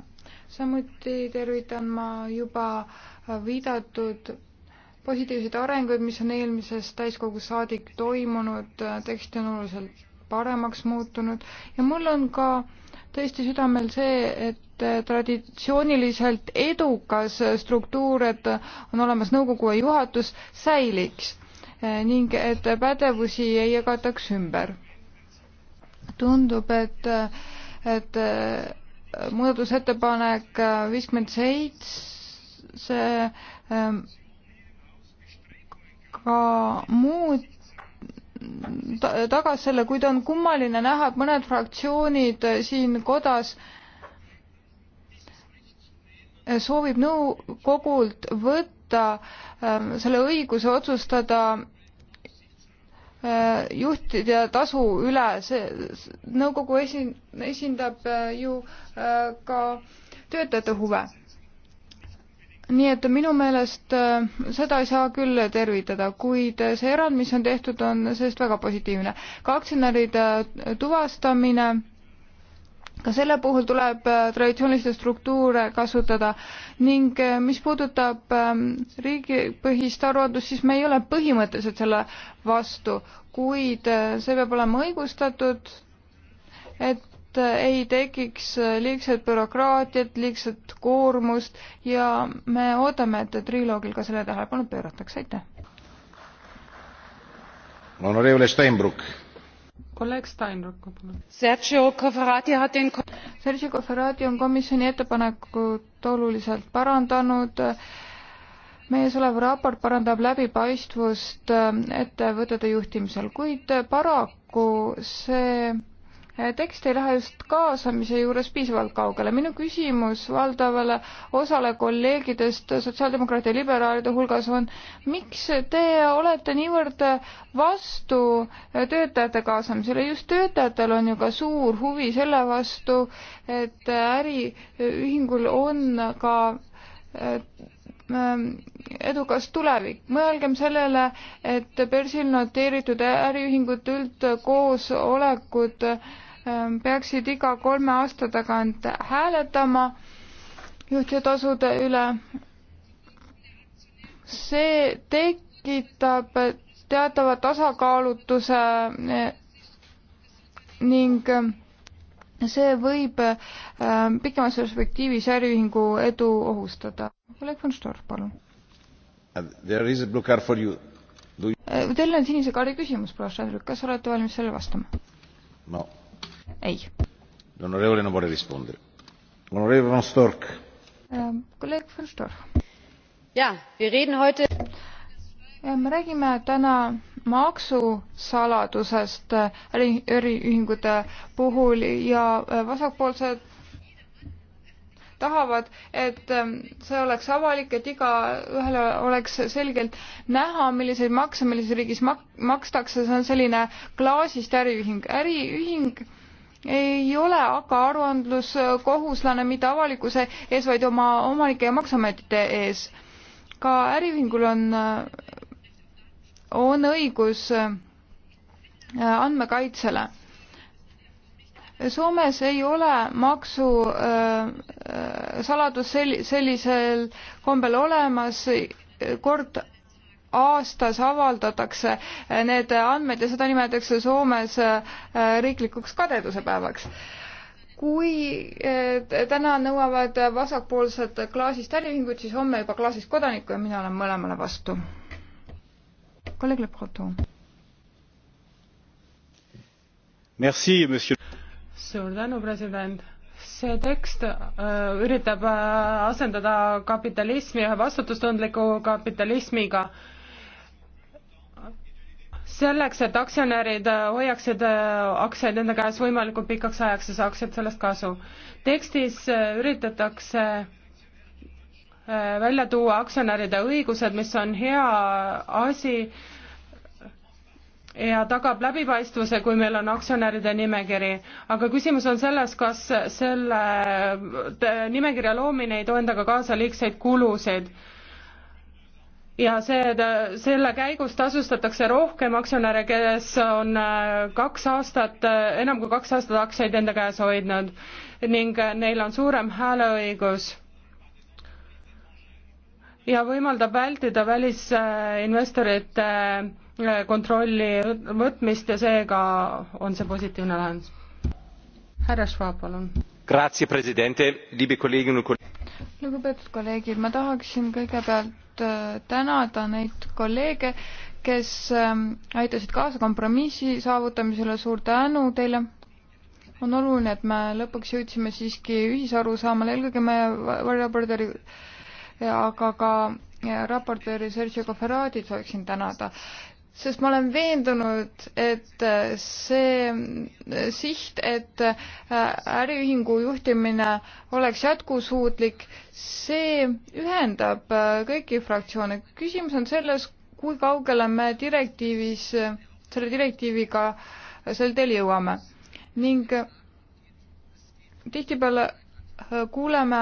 samuti tervitan ma juba äh, viidatud positiivseid arenguid, mis on eelmisest täiskogu saadik toimunud, äh, tekst on oluliselt paremaks muutunud ja mul on ka tõesti südamel see, et traditsiooniliselt edukas struktuur, et on olemas nõukogu ja juhatus, säiliks ning et pädevusi ei jagataks ümber tundub, et, et muudatusettepanek viiskümmend seitse ähm, ka muud ta, tagas selle, kuid on kummaline näha, et mõned fraktsioonid siin kodas soovib nõukogult võtta ähm, selle õiguse otsustada Äh, juhtide tasu üle, see nõukogu esin-, esindab äh, ju äh, ka töötajate huve. nii et minu meelest seda ei saa küll tervitada, kuid see erand, mis on tehtud, on sellest väga positiivne. ka aktsionäride tuvastamine ka selle puhul tuleb äh, traditsioonilisi struktuure kasutada ning äh, mis puudutab ähm, riigipõhist aruandlust, siis me ei ole põhimõtteliselt selle vastu, kuid äh, see peab olema õigustatud, et ei tekiks liigset bürokraatiat, liigset koormust ja me ootame, et triloogil ka selle tähelepanu pööratakse, aitäh. Honorable Steinbrück kolleeg Steinruck, palun. Sergei Koferati on komisjoni ettepanekut oluliselt parandanud. meie solev raport parandab läbipaistvust äh, ettevõtete juhtimisel, kuid paraku see Äh, tekst ei lähe just kaasamise juures piisavalt kaugele. minu küsimus valdavale osale kolleegidest sotsiaaldemokraatide ja liberaalide hulgas on, miks te olete niivõrd vastu töötajate kaasamisele, just töötajatel on ju ka suur huvi selle vastu, et äriühingul on ka äh, edukas tulevik. mõelgem sellele, et börsil noteeritud äriühingute üldkoosolekud äh, Ähm, peaksid iga kolme aasta tagant hääletama juhtitasude üle. see tekitab teatava tasakaalutuse eh, ning eh, see võib eh, pikemas perspektiivis äriühingu edu ohustada. kolleeg von Storch, palun. Uh, teil on sinise kaardi küsimus, kas olete valmis sellele vastama? no ei. Ähm, kolleeg von Storch. jaa, me räägime heute ja ähm, me räägime täna maksusaladusest äh, äriühingute puhul ja äh, vasakpoolsed tahavad, et ähm, see oleks avalik, et igaühele oleks selgelt näha, milliseid makse millises riigis mak-, makstakse, see on selline klaasist äriühing. äriühing ei ole aga aruandluskohuslane mitte avalikkuse ees, vaid oma omanike ja maksuametite ees. ka äriühingul on, on õigus äh, andmekaitsele. Soomes ei ole maksusaladus äh, äh, sel-, sellisel kombel olemas, kord aastas avaldatakse need andmed ja seda nimetatakse Soomes äh, riiklikuks kadeduse päevaks. kui äh, täna nõuavad vasakpoolsed klaasist äriühingud, siis homme juba klaasist kodanikku ja mina olen mõlemale vastu. kolleeg Le Breton. Merci, monsieur. suur tänu, president see tekst öö, äh, üritab asendada kapitalismi ühe vastutustundliku kapitalismiga selleks, et aktsionärid äh, hoiaksid äh, aktsiaid enda käes võimalikult pikaks ajaks ja saaksid sellest kasu. tekstis äh, üritatakse välja tuua aktsionäride õigused, mis on hea asi ja tagab läbipaistvuse, kui meil on aktsionäride nimekiri. aga küsimus on selles, kas selle nimekirja loomine ei too endaga kaasa liigseid kulusid ja see, selle käigus tasustatakse rohkem aktsionäre, kes on äh, kaks aastat, äh, enam kui kaks aastat aktsiaid enda käes hoidnud ning äh, neil on suurem hääleõigus ja võimaldab vältida välisinvestorite kontrolli võtmist ja seega on see positiivne lahendus. härra Schwab, palun lugupeetud kolleegid ma tahaksin kõigepealt äh, tänada neid kolleege kes ähm, aitasid kaasa kompromissi saavutamisele suur tänu teile on oluline et me lõpuks jõudsime siiski ühisarusaamale eelkõige meie variraportööri äh, aga ka äh, raportööri Sergio Cofferati sooviksin tänada sest ma olen veendunud, et äh, see äh, siht, et äh, äriühingu juhtimine oleks jätkusuutlik, see ühendab kõiki fraktsioone. küsimus on selles, kui kaugele me direktiivis, selle direktiiviga sel teel jõuame ning tihtipeale kuuleme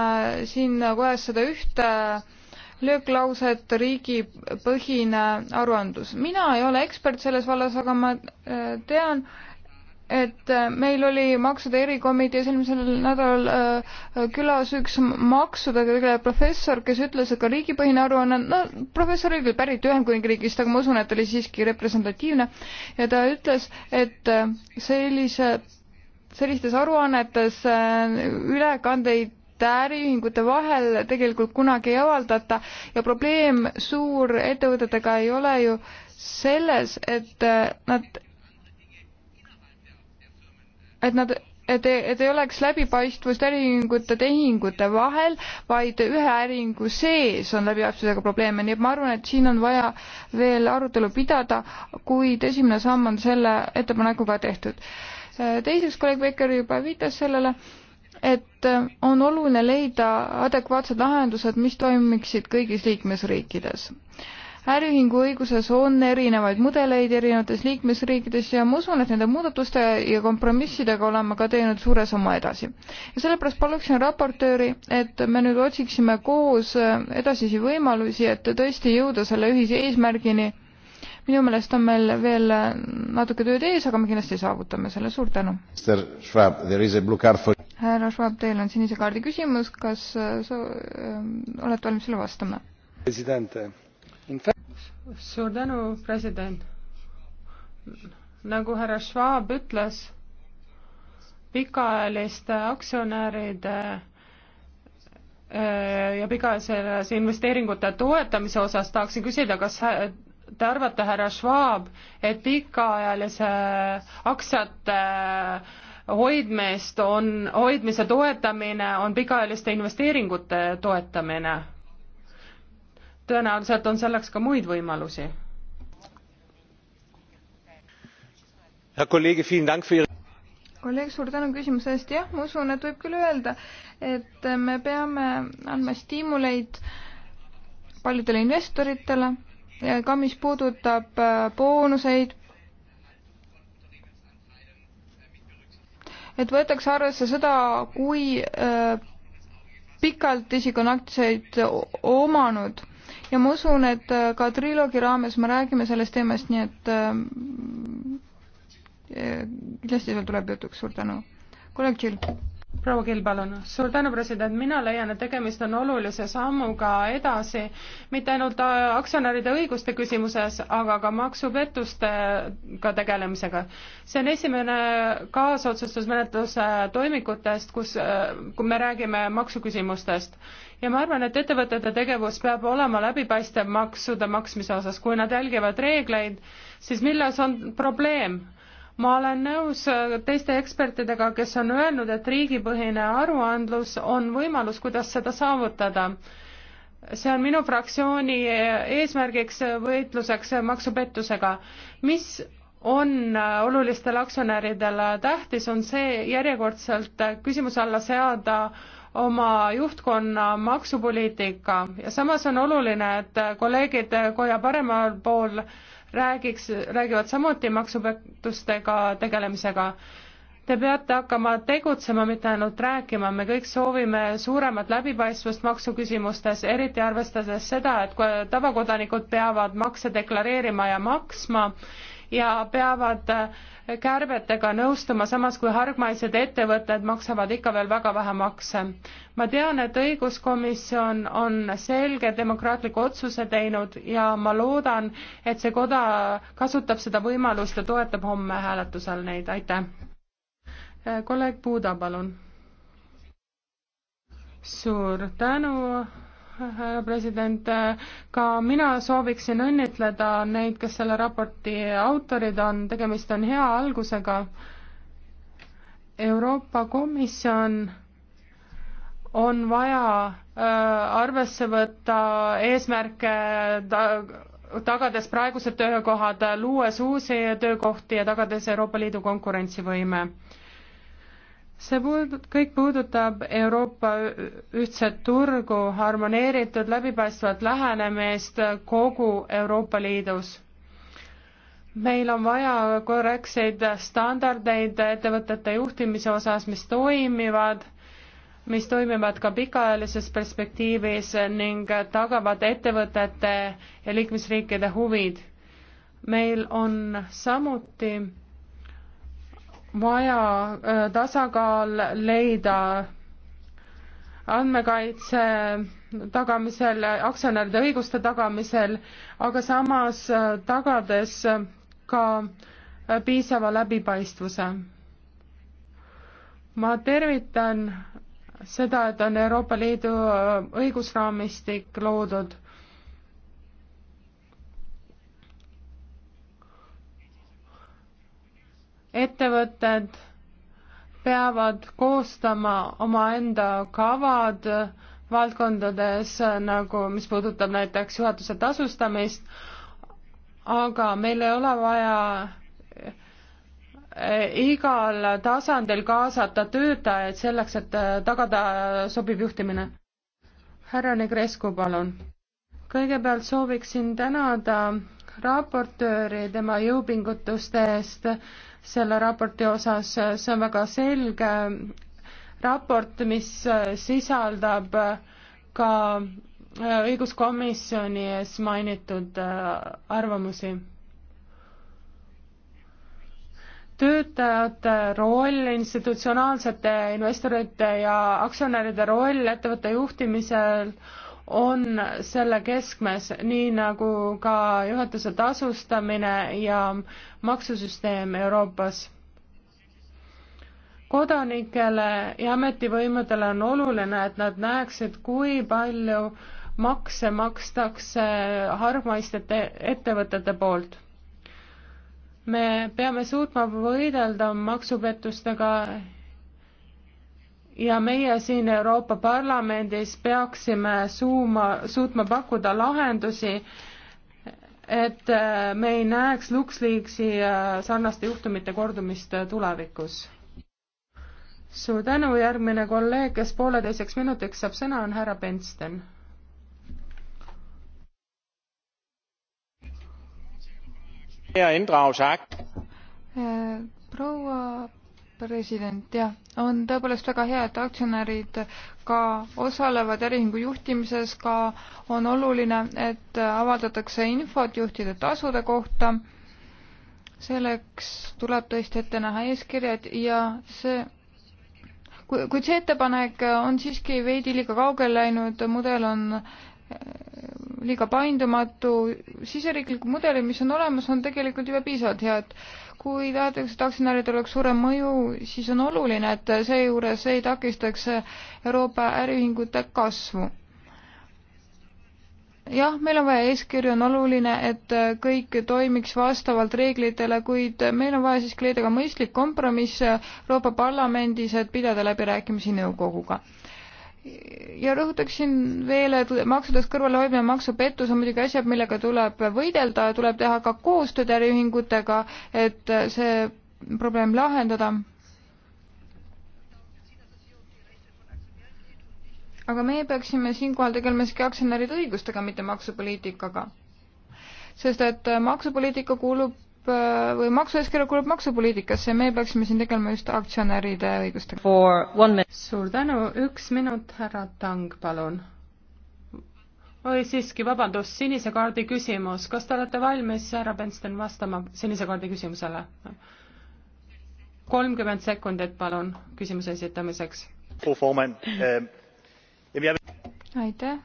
siin kojas seda ühte äh, lööklauset riigipõhine aruandlus. mina ei ole ekspert selles vallas, aga ma äh, tean, et äh, meil oli maksude erikomitees eelmisel nädalal äh, külas üks maksudega tegelev professor, kes ütles, et ka riigipõhine aruanne, no professor oli küll pärit Ühendkuningriigist, aga ma usun, et ta oli siiski representatiivne ja ta ütles, et sellise sellistes aruannetes ülekandeid äriühingute vahel tegelikult kunagi ei avaldata ja probleem suurettevõtetega ei ole ju selles, et äh, nad, et nad et, et ei oleks läbipaistvust äriühingute tehingute vahel, vaid ühe äriühingu sees on läbipaistvusega probleeme, nii et ma arvan, et siin on vaja veel arutelu pidada, kuid esimene samm on selle ettepanekuga tehtud. Äh, teiseks kolleeg Becker juba viitas sellele et äh, on oluline leida adekvaatsed lahendused, mis toimiksid kõigis liikmesriikides. äriühingu õiguses on erinevaid mudeleid erinevates liikmesriikides ja ma usun, et nende muudatuste ja kompromissidega oleme ka teinud suure sammu edasi. ja sellepärast paluksin raportööri, et me nüüd otsiksime koos äh, edasisi võimalusi, et tõesti jõuda selle ühise eesmärgini minu meelest on meil veel natuke tööd ees, aga me kindlasti saavutame selle, suur tänu. härra Schwab, teil on sinise kaardi küsimus, kas äh, sa äh, oled valmis selle vastama? suur tänu, president. nagu härra Schwab ütles, pikaajaliste aktsionäride äh, ja pikaajalise investeeringute toetamise osas tahaksin küsida, kas te arvate, härra Schwab, et pikaajalise aktsiate hoidmist on, hoidmise toetamine on pikaajaliste investeeringute toetamine? tõenäoliselt on selleks ka muid võimalusi. kolleeg, suur tänu küsimuse eest, jah, ma usun, et võib küll öelda, et me peame andma stiimuleid paljudele investoritele ka mis puudutab äh, boonuseid, et võetakse arvesse seda, kui äh, pikalt isik on aktsiaid omanud ja ma usun, et äh, ka triloogi raames me räägime sellest teemast, nii et kindlasti veel tuleb jutuks, suur tänu. kolleeg Tšill proua Kill, palun. suur tänu, president, mina leian, et tegemist on olulise sammuga edasi, mitte ainult äh, aktsionäride õiguste küsimuses, aga ka maksupettustega tegelemisega. see on esimene kaasotsustusmenetluse toimikutest, kus, äh, kui me räägime maksuküsimustest. ja ma arvan, et ettevõtete tegevus peab olema läbipaistev maksude maksmise osas, kui nad jälgivad reegleid, siis milles on probleem ma olen nõus äh, teiste ekspertidega, kes on öelnud, et riigipõhine aruandlus on võimalus, kuidas seda saavutada. see on minu fraktsiooni äh, eesmärgiks äh, võitluseks maksupettusega. mis on olulistele aktsionäridele tähtis, on see järjekordselt küsimuse alla seada oma juhtkonna maksupoliitika ja samas on oluline, et kolleegid koja paremal pool räägiks, räägivad samuti maksupettustega tegelemisega. Te peate hakkama tegutsema, mitte ainult rääkima, me kõik soovime suuremat läbipaistvust maksuküsimustes, eriti arvestades seda, et tavakodanikud peavad makse deklareerima ja maksma ja peavad äh, kärbetega nõustuma, samas kui hargmaised ettevõtted maksavad ikka veel väga vähe makse. ma tean, et õiguskomisjon on selge demokraatliku otsuse teinud ja ma loodan, et see koda kasutab seda võimalust ja toetab homme hääletusel neid, aitäh. kolleeg Puuda, palun. suur tänu härra president, ka mina sooviksin õnnitleda neid, kes selle raporti autorid on, tegemist on hea algusega. Euroopa Komisjon on vaja äh, arvesse võtta eesmärke tagades praegused töökohad, luues uusi töökohti ja tagades Euroopa Liidu konkurentsivõime see puudub, kõik puudutab Euroopa ühtset turgu, harmoneeritud läbipaistvat lähenemist kogu Euroopa Liidus. meil on vaja korrektseid standardeid ettevõtete juhtimise osas, mis toimivad, mis toimivad ka pikaajalises perspektiivis ning tagavad ettevõtete ja liikmesriikide huvid. meil on samuti vaja äh, tasakaal leida andmekaitse tagamisel, aktsionäride õiguste tagamisel, aga samas äh, tagades ka äh, piisava läbipaistvuse. ma tervitan seda, et on Euroopa Liidu õigusraamistik loodud ettevõtted peavad koostama omaenda kavad valdkondades, nagu mis puudutab näiteks juhatuse tasustamist, aga meil ei ole vaja eh, igal tasandil kaasata töötajaid selleks, et eh, tagada sobiv juhtimine. härra Negrescu, palun. kõigepealt sooviksin tänada raportööri tema jõupingutuste eest selle raporti osas, see on väga selge raport, mis sisaldab ka õiguskomisjoni ees mainitud äh, arvamusi. töötajate roll, institutsionaalsete investorite ja aktsionäride roll ettevõtte juhtimisel on selle keskmes, nii nagu ka juhatuse tasustamine ja maksusüsteem Euroopas. kodanikele ja ametivõimudele on oluline, et nad näeksid, kui palju makse makstakse hargmaistete ettevõtete poolt. me peame suutma võidelda maksupettustega ja meie siin Euroopa Parlamendis peaksime suuma, suutma pakkuda lahendusi, et äh, me ei näeks LuxLeaksi äh, sarnaste juhtumite kordumist äh, tulevikus. suur tänu, järgmine kolleeg, kes pooleteiseks minutiks saab sõna, on härra Benston proua president, jah, on tõepoolest väga hea, et aktsionärid ka osalevad äriühingu juhtimises, ka on oluline, et avaldatakse infot juhtide tasude kohta. selleks tuleb tõesti ette näha eeskirjad ja see kuid see ettepanek on siiski veidi liiga kaugele läinud, mudel on eh, liiga paindumatu, siseriiklikud mudelid, mis on olemas, on tegelikult juba piisavalt head kui tahetakse, et aktsionäridel oleks suurem mõju, siis on oluline, et seejuures ei takistaks Euroopa äriühingute kasvu. jah, meil on vaja eeskirju, on oluline, et kõik toimiks vastavalt reeglitele, kuid meil on vaja siiski leida ka mõistlik kompromiss Euroopa Parlamendis, et pidada läbirääkimisi nõukoguga ja rõhutaksin veel, et maksudest kõrvalehoidmine, maksupettus on muidugi asjad, millega tuleb võidelda, tuleb teha ka koostööd äriühingutega, et see probleem lahendada. aga meie peaksime siinkohal tegelema siiski aktsionäride õigustega, mitte maksupoliitikaga. sest et maksupoliitika kuulub Äh, või maksueeskirja kuulub maksupoliitikasse ja meie peaksime siin tegelema just aktsionäride õigustega. suur tänu, üks minut, härra Tang, palun. oi siiski, vabandust, sinise kaardi küsimus, kas te olete valmis, härra Benston, vastama sinise kaardi küsimusele? kolmkümmend sekundit, palun, küsimuse esitamiseks. Ähm, aitäh.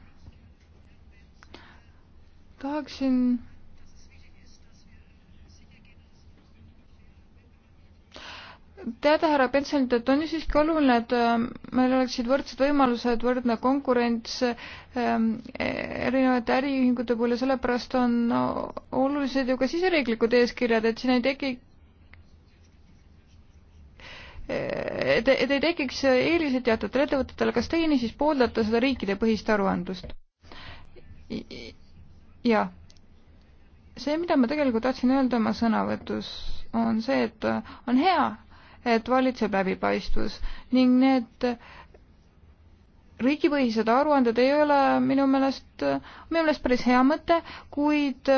tahaksin teada, härra Pentsonit, et on ju siiski oluline, et äh, meil oleksid võrdsed võimalused, võrdne konkurents ähm, e, erinevate äriühingute puhul ja sellepärast on olulised ju ka siseriiklikud eeskirjad, et siin ei teki e, et, et ei tekiks eeliseid teatavatele ettevõtetele, kas teie niisiis pooldate seda riikidepõhist aruandlust? jah. see, mida ma tegelikult tahtsin öelda oma sõnavõtus, on see, et on hea, et valitseb läbipaistvus ning need riigipõhised aruanded ei ole minu meelest, minu meelest päris hea mõte, kuid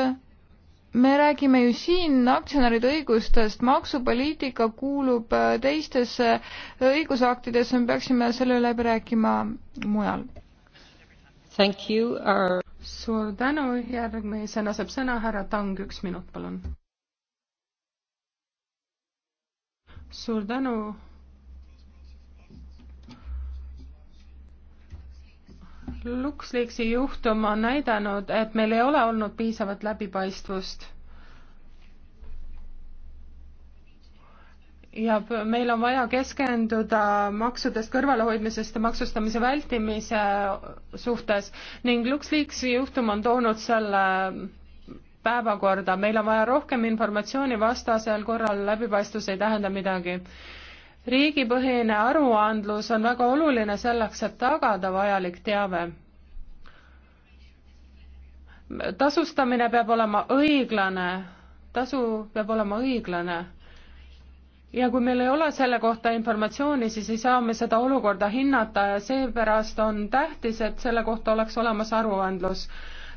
me räägime ju siin aktsionäride õigustest, maksupoliitika kuulub teistesse õigusaktidesse, me peaksime selle üle läbi rääkima mujal. Our... suur tänu, järgmisena saab sõna härra Tang, üks minut, palun suur tänu. LuxLeaksi juhtum on näidanud, et meil ei ole olnud piisavat läbipaistvust. ja meil on vaja keskenduda maksudest kõrvalehoidmisest ja maksustamise vältimise suhtes ning LuxLeaksi juhtum on toonud selle päevakorda, meil on vaja rohkem informatsiooni, vastasel korral läbipaistvus ei tähenda midagi. riigipõhine aruandlus on väga oluline selleks, et tagada vajalik teave. tasustamine peab olema õiglane, tasu peab olema õiglane ja kui meil ei ole selle kohta informatsiooni, siis ei saa me seda olukorda hinnata ja seepärast on tähtis, et selle kohta oleks olemas aruandlus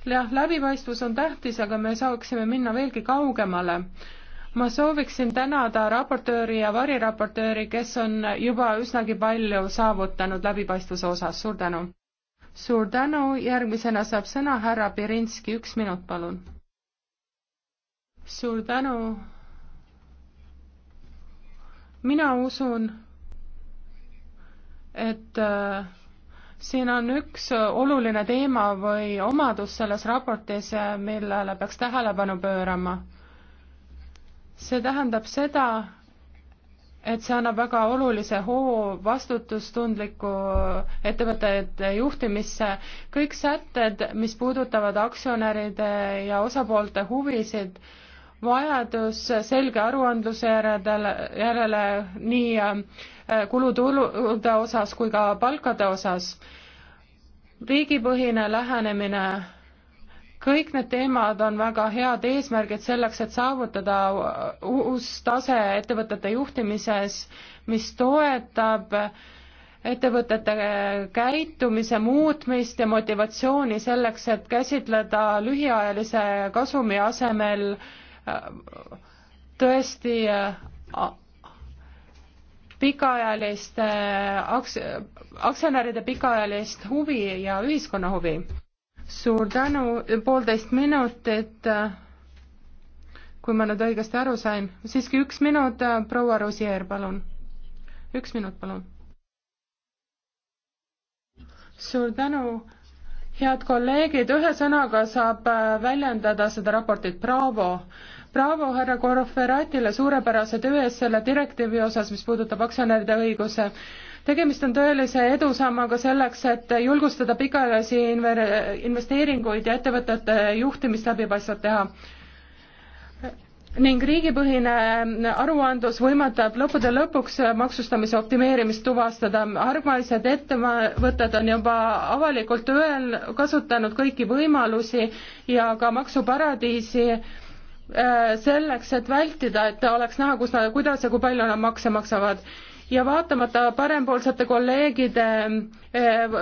jah, läbipaistvus on tähtis, aga me saaksime minna veelgi kaugemale ma sooviksin tänada raportööri ja variraportööri, kes on juba üsnagi palju saavutanud läbipaistvuse osas, suur tänu! suur tänu, järgmisena saab sõna härra Pirinski, üks minut, palun! suur tänu! mina usun, et äh, siin on üks oluline teema või omadus selles raportis, millele peaks tähelepanu pöörama. see tähendab seda, et see annab väga olulise hoo vastutustundliku ettevõtete juhtimisse. kõik sätted, mis puudutavad aktsionäride ja osapoolte huvisid, vajadus selge aruandluse järele, järele nii äh, Äh, kulutulude osas kui ka palkade osas. riigipõhine lähenemine, kõik need teemad on väga head eesmärgid selleks, et saavutada uus tase ettevõtete juhtimises, mis toetab ettevõtete käitumise muutmist ja motivatsiooni selleks, et käsitleda lühiajalise kasumi asemel äh, tõesti äh, pikaajalist äh, akts-, aktsionäride pikaajalist huvi ja ühiskonna huvi. suur tänu, poolteist minutit, äh, kui ma nüüd õigesti aru sain, siiski üks minut, äh, proua Rosier, palun. üks minut, palun. suur tänu head kolleegid, ühesõnaga saab väljendada seda raportit Bravo. Bravo härra Korferatile suurepärase töö eest selle direktiivi osas, mis puudutab aktsionäride õiguse. tegemist on tõelise edusammaga selleks, et julgustada pikaajalisi investeeringuid ja ettevõtete juhtimist läbipaistvalt teha ning riigipõhine aruandlus võimaldab lõppude lõpuks maksustamise optimeerimist tuvastada. armaised ettevõtted on juba avalikult öel-, kasutanud kõiki võimalusi ja ka maksuparadiisi Äh, selleks, et vältida, et oleks näha, kus nad, kuidas ja kui palju nad makse maksavad. ja vaatamata parempoolsete kolleegide äh,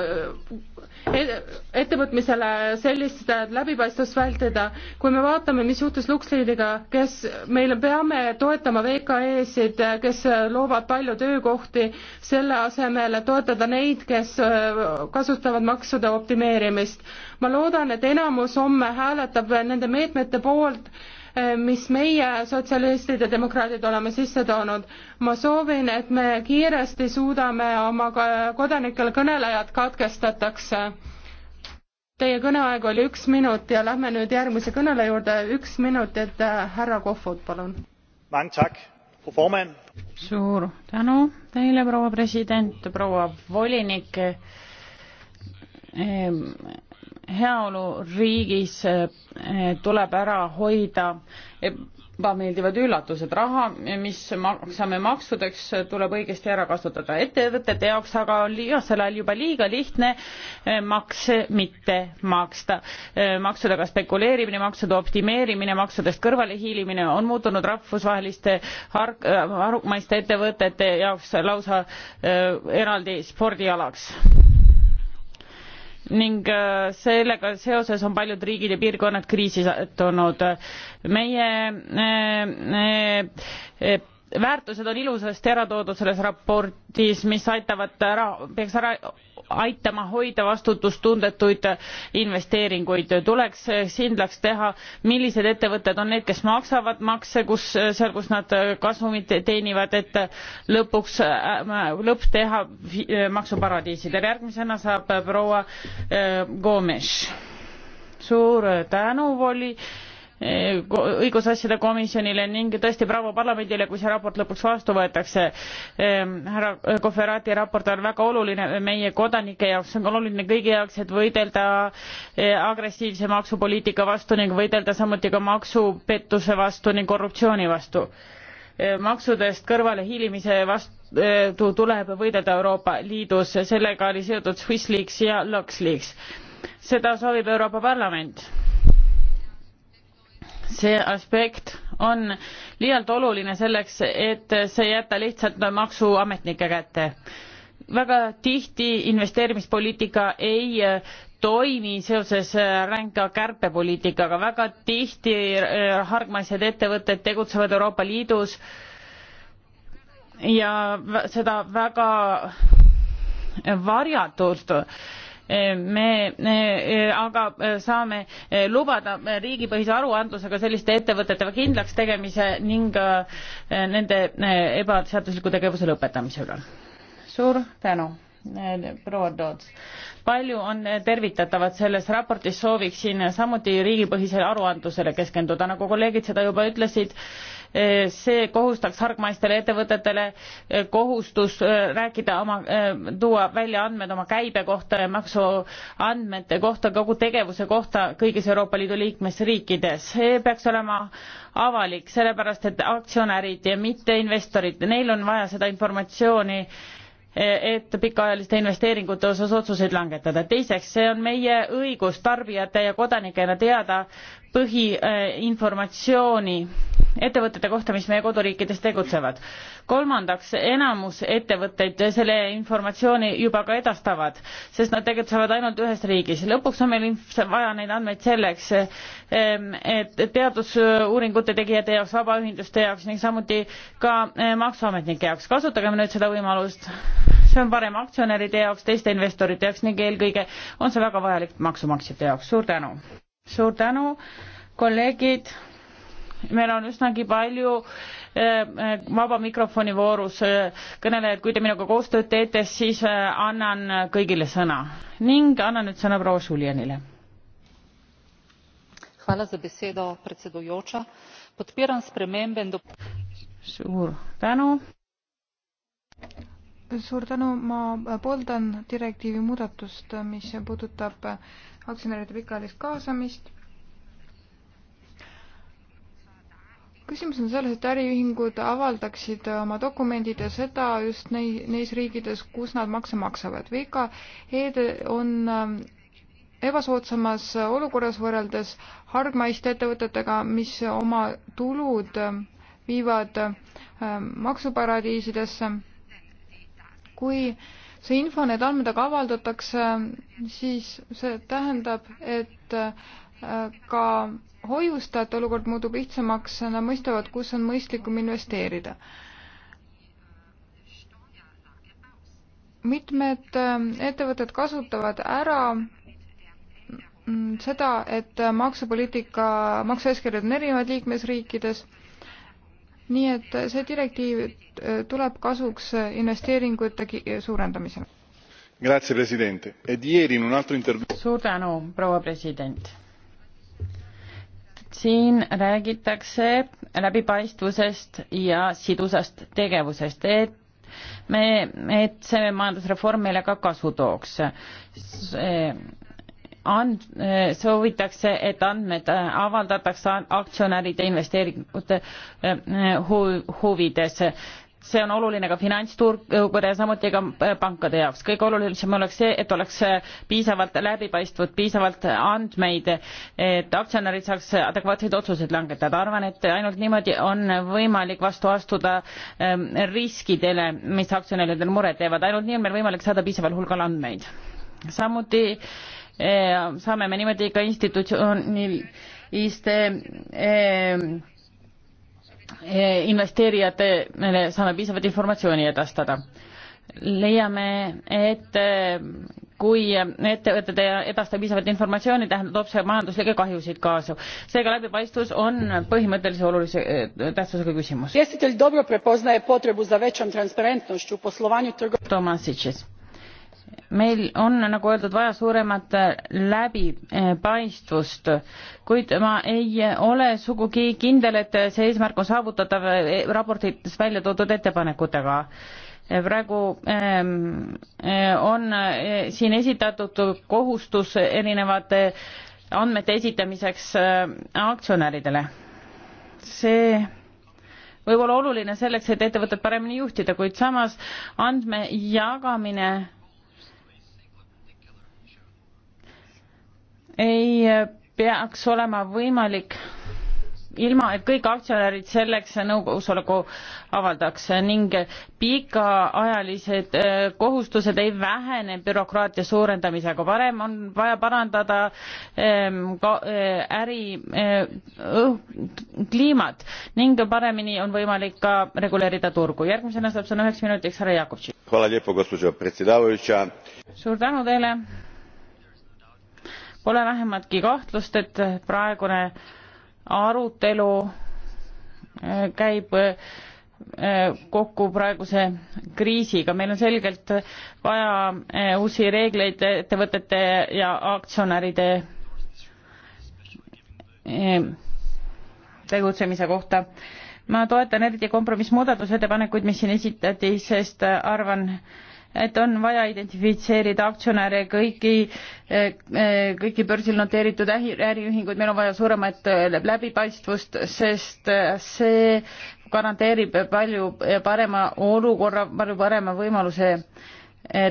e-, ettevõtmisele sellist äh, läbipaistvust vältida, kui me vaatame, mis juhtus LuxLeads'iga, kes, meil peame toetama VKE-sid, kes loovad palju töökohti, selle asemel, et toetada neid, kes kasutavad maksude optimeerimist. ma loodan, et enamus homme hääletab nende meetmete poolt mis meie, sotsialistid ja demokraadid, oleme sisse toonud. ma soovin, et me kiiresti suudame oma kodanikel kõnelejad katkestatakse. Teie kõneaeg oli üks minut ja lähme nüüd järgmise kõnele juurde, üks minut, et äh, härra Kohvut, palun. suur tänu teile, proua president, proua volinik ehm heaoluriigis eh, tuleb ära hoida ebameeldivad üllatused. raha, mis maksame maksudeks, tuleb õigesti ära kasutada. ettevõtete jaoks aga on viimasel ajal juba liiga lihtne eh, makse mitte maksta. Eh, maksudega spekuleerimine, maksude optimeerimine, maksudest kõrvalehiilimine on muutunud rahvusvaheliste hark-, äh, harukmaiste ettevõtete jaoks lausa eraldi spordialaks ning äh, sellega seoses on paljud riigid ja piirkonnad kriisi sattunud. meie äh, äh, väärtused on ilusasti ära toodud selles raportis mis aitavad ära peaks ära aitama hoida vastutustundetuid investeeringuid tuleks kindlaks teha millised ettevõtted on need kes maksavad makse kus seal kus nad kasumit teenivad et lõpuks äh, lõpp teha maksuparadiisidele järgmisena saab proua äh, gomes suur tänu voli- õigusasjade komisjonile ning tõesti bravo parlamendile kui see raport lõpuks vastu võetakse. Ehm, härra Cofferati raport on väga oluline meie kodanike jaoks, see on oluline kõigi jaoks, et võidelda eh, agressiivse maksupoliitika vastu ning võidelda samuti ka maksupettuse vastu ning korruptsiooni vastu. Ehm, maksudest kõrvalehiilimise vastu tuleb võidelda Euroopa Liidus, sellega oli seotud Swiss Leaks ja Lux Leaks. seda soovib Euroopa Parlament see aspekt on liialt oluline selleks, et see jätta lihtsalt maksuametnike kätte. väga tihti investeerimispoliitika ei toimi seoses ränka kärpepoliitikaga, väga tihti äh, hargmaised ettevõtted tegutsevad Euroopa Liidus ja seda väga varjatult me aga saame lubada riigipõhise aruandlusega selliste ettevõtete kindlaks tegemise ning äh, nende äh, ebaseadusliku tegevuse lõpetamise üle. suur tänu äh, proua Toots. palju on tervitatavat selles raportis, sooviksin samuti riigipõhisele aruandlusele keskenduda, nagu kolleegid seda juba ütlesid Äh, see kohustaks hargmaistele ettevõtetele äh, kohustus äh, rääkida oma, tuua välja andmed oma käibe kohta ja maksuandmete kohta, kogu tegevuse kohta kõigis Euroopa Liidu liikmesriikides. see peaks olema avalik, sellepärast et aktsionärid ja mitte investorid, neil on vaja seda informatsiooni et pikaajaliste investeeringute osas otsuseid langetada. teiseks see on meie õigus tarbijate ja kodanikena teada põhiinformatsiooni ettevõtete kohta mis meie koduriikides tegutsevad. kolmandaks enamus ettevõtteid selle informatsiooni juba ka edastavad sest nad tegutsevad ainult ühes riigis. lõpuks on meil vaja neid andmeid selleks et teadusuuringute tegijate jaoks vabaühenduste jaoks ning samuti ka eh, maksuametnike jaoks. kasutagem nüüd seda võimalust see on parem aktsionäride jaoks teiste investorite jaoks ning eelkõige on see väga vajalik maksumaksjate jaoks. suur tänu! suur tänu, kolleegid. meil on üsnagi palju eh, eh, vaba mikrofoni voorus eh, kõnelejaid, kui te minuga koostööd teete, siis annan kõigile sõna ning annan nüüd sõna proua Žuljanile. suur tänu suur tänu, ma pooldan direktiivi muudatust, mis puudutab aktsionäride pikaajalist kaasamist. küsimus on selles, et äriühingud avaldaksid oma dokumendid ja seda just nei, neis riikides, kus nad makse maksavad. VKE-d on ähm, ebasoodsamas olukorras võrreldes hargmaiste ettevõtetega, mis oma tulud ähm, viivad ähm, maksuparadiisidesse. kui see info, need andmed aga avaldatakse, siis see tähendab, et äh, ka hoiustajate olukord muutub lihtsamaks, nad mõistavad, kus on mõistlikum investeerida. mitmed äh, ettevõtted kasutavad ära mm, seda, et äh, maksupoliitika, maksueeskirjad on erinevad liikmesriikides nii et see direktiiv äh, tuleb kasuks äh, investeeringute äh, suurendamisel. suur tänu, proua president. siin räägitakse läbipaistvusest ja sidusast tegevusest, et me, et see majandusreform meile ka kasu tooks. see and-, eh, soovitakse, et andmed eh, avaldatakse aktsionäride investeeringute eh, hu-, huvides. see on oluline ka finantsturgudele, samuti ka pankade jaoks. kõige olulisem oleks see, et oleks piisavalt läbipaistvat, piisavalt andmeid, et aktsionärid saaks adekvaatseid otsuseid langetada. arvan, et ainult niimoodi on võimalik vastu astuda riskidele, mis aktsionäridel muret teevad. ainult nii on meil võimalik saada piisaval hulgal andmeid. samuti saame me niimoodi ka institutsioonil iste investeerijatele saame piisavalt informatsiooni edastada. leiame, et kui ettevõtted ei edasta piisavalt informatsiooni, tähendab, toob see majanduslikke kahjusid kaasa. seega läbipaistvus on põhimõttelise olulise tähtsusega küsimus. Tomasic meil on, nagu öeldud, vaja suuremat äh, läbipaistvust, äh, kuid ma ei äh, ole sugugi kindel, et see eesmärk on saavutatav raportites välja toodud ettepanekutega. praegu ähm, on siin esitatud kohustus erinevate andmete esitamiseks aktsionäridele. see võib olla oluline selleks, et ettevõtet paremini juhtida, kuid samas andme jagamine ei peaks olema võimalik ilma, et kõik aktsionärid selleks nõukogusoleku avaldaks ning pikaajalised äh, kohustused ei vähene bürokraatia suurendamisega, varem on vaja parandada ähm, ka äh, äri äh, kliimat ning paremini on võimalik ka reguleerida turgu. järgmisena saab sõna üheks minutiks härra Jakovtši. suur tänu teile Pole vähematki kahtlust, et praegune arutelu äh, käib äh, kokku praeguse kriisiga. meil on selgelt vaja äh, uusi reegleid ettevõtete ja aktsionäride tegutsemise kohta. ma toetan eriti kompromissmuudatusettepanekuid, mis siin esitati, sest arvan, et on vaja identifitseerida aktsionäre kõiki, eh, kõiki börsil noteeritud äri, äriühinguid, meil on vaja suuremat eh, läbipaistvust, sest eh, see garanteerib palju parema olukorra, palju parema võimaluse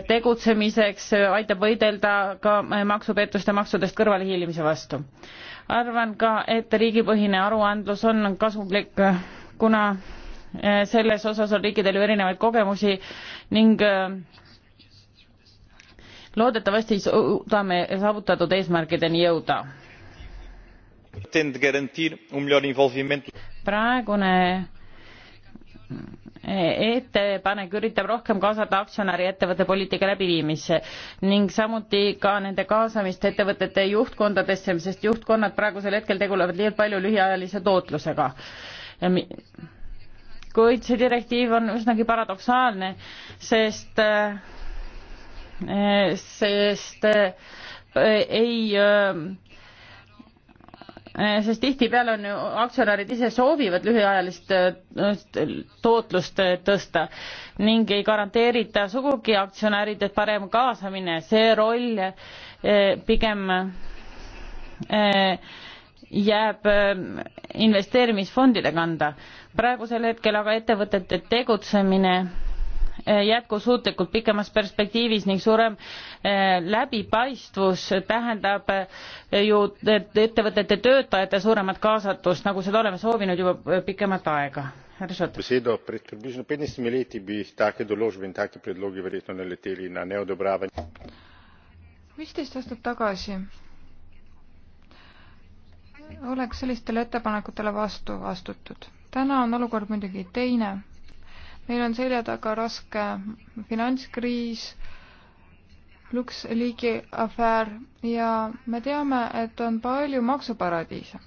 tegutsemiseks, aitab võidelda ka maksupettuste maksudest kõrvalehiilimise vastu. arvan ka, et riigipõhine aruandlus on kasumlik, kuna Eh, selles osas on riikidel ju erinevaid kogemusi ning eh, loodetavasti suudame saavutatud eesmärkideni jõuda. praegune eh, ettepanek üritab rohkem kaasata aktsionäri ettevõtte poliitika läbiviimisse ning samuti ka nende kaasamist ettevõtete juhtkondadesse, sest juhtkonnad praegusel hetkel tegulevad liialt palju lühiajalise tootlusega kuid see direktiiv on üsnagi paradoksaalne, sest, eh, sest eh, ei eh, sest tihtipeale on ju aktsionärid ise soovivad lühiajalist tootlust tõsta ning ei garanteerita sugugi aktsionäride parem kaasamine, see roll pigem jääb ähm, investeerimisfondide kanda. praegusel hetkel aga ettevõtete tegutsemine äh, jätkusuutlikult pikemas perspektiivis ning suurem äh, läbipaistvus tähendab äh, ju ettevõtete töötajate suuremat kaasatust nagu seda oleme soovinud juba pikemat aega. besedo pred približno petnajstimi leti bi take določbe in taki predlogi verjetno naleteli na neodobravanje. viisteist aastat tagasi oleks sellistele ettepanekutele vastu astutud. täna on olukord muidugi teine. meil on selja taga raske finantskriis, LuxLeaki afäär ja me teame, et on palju maksuparadiise.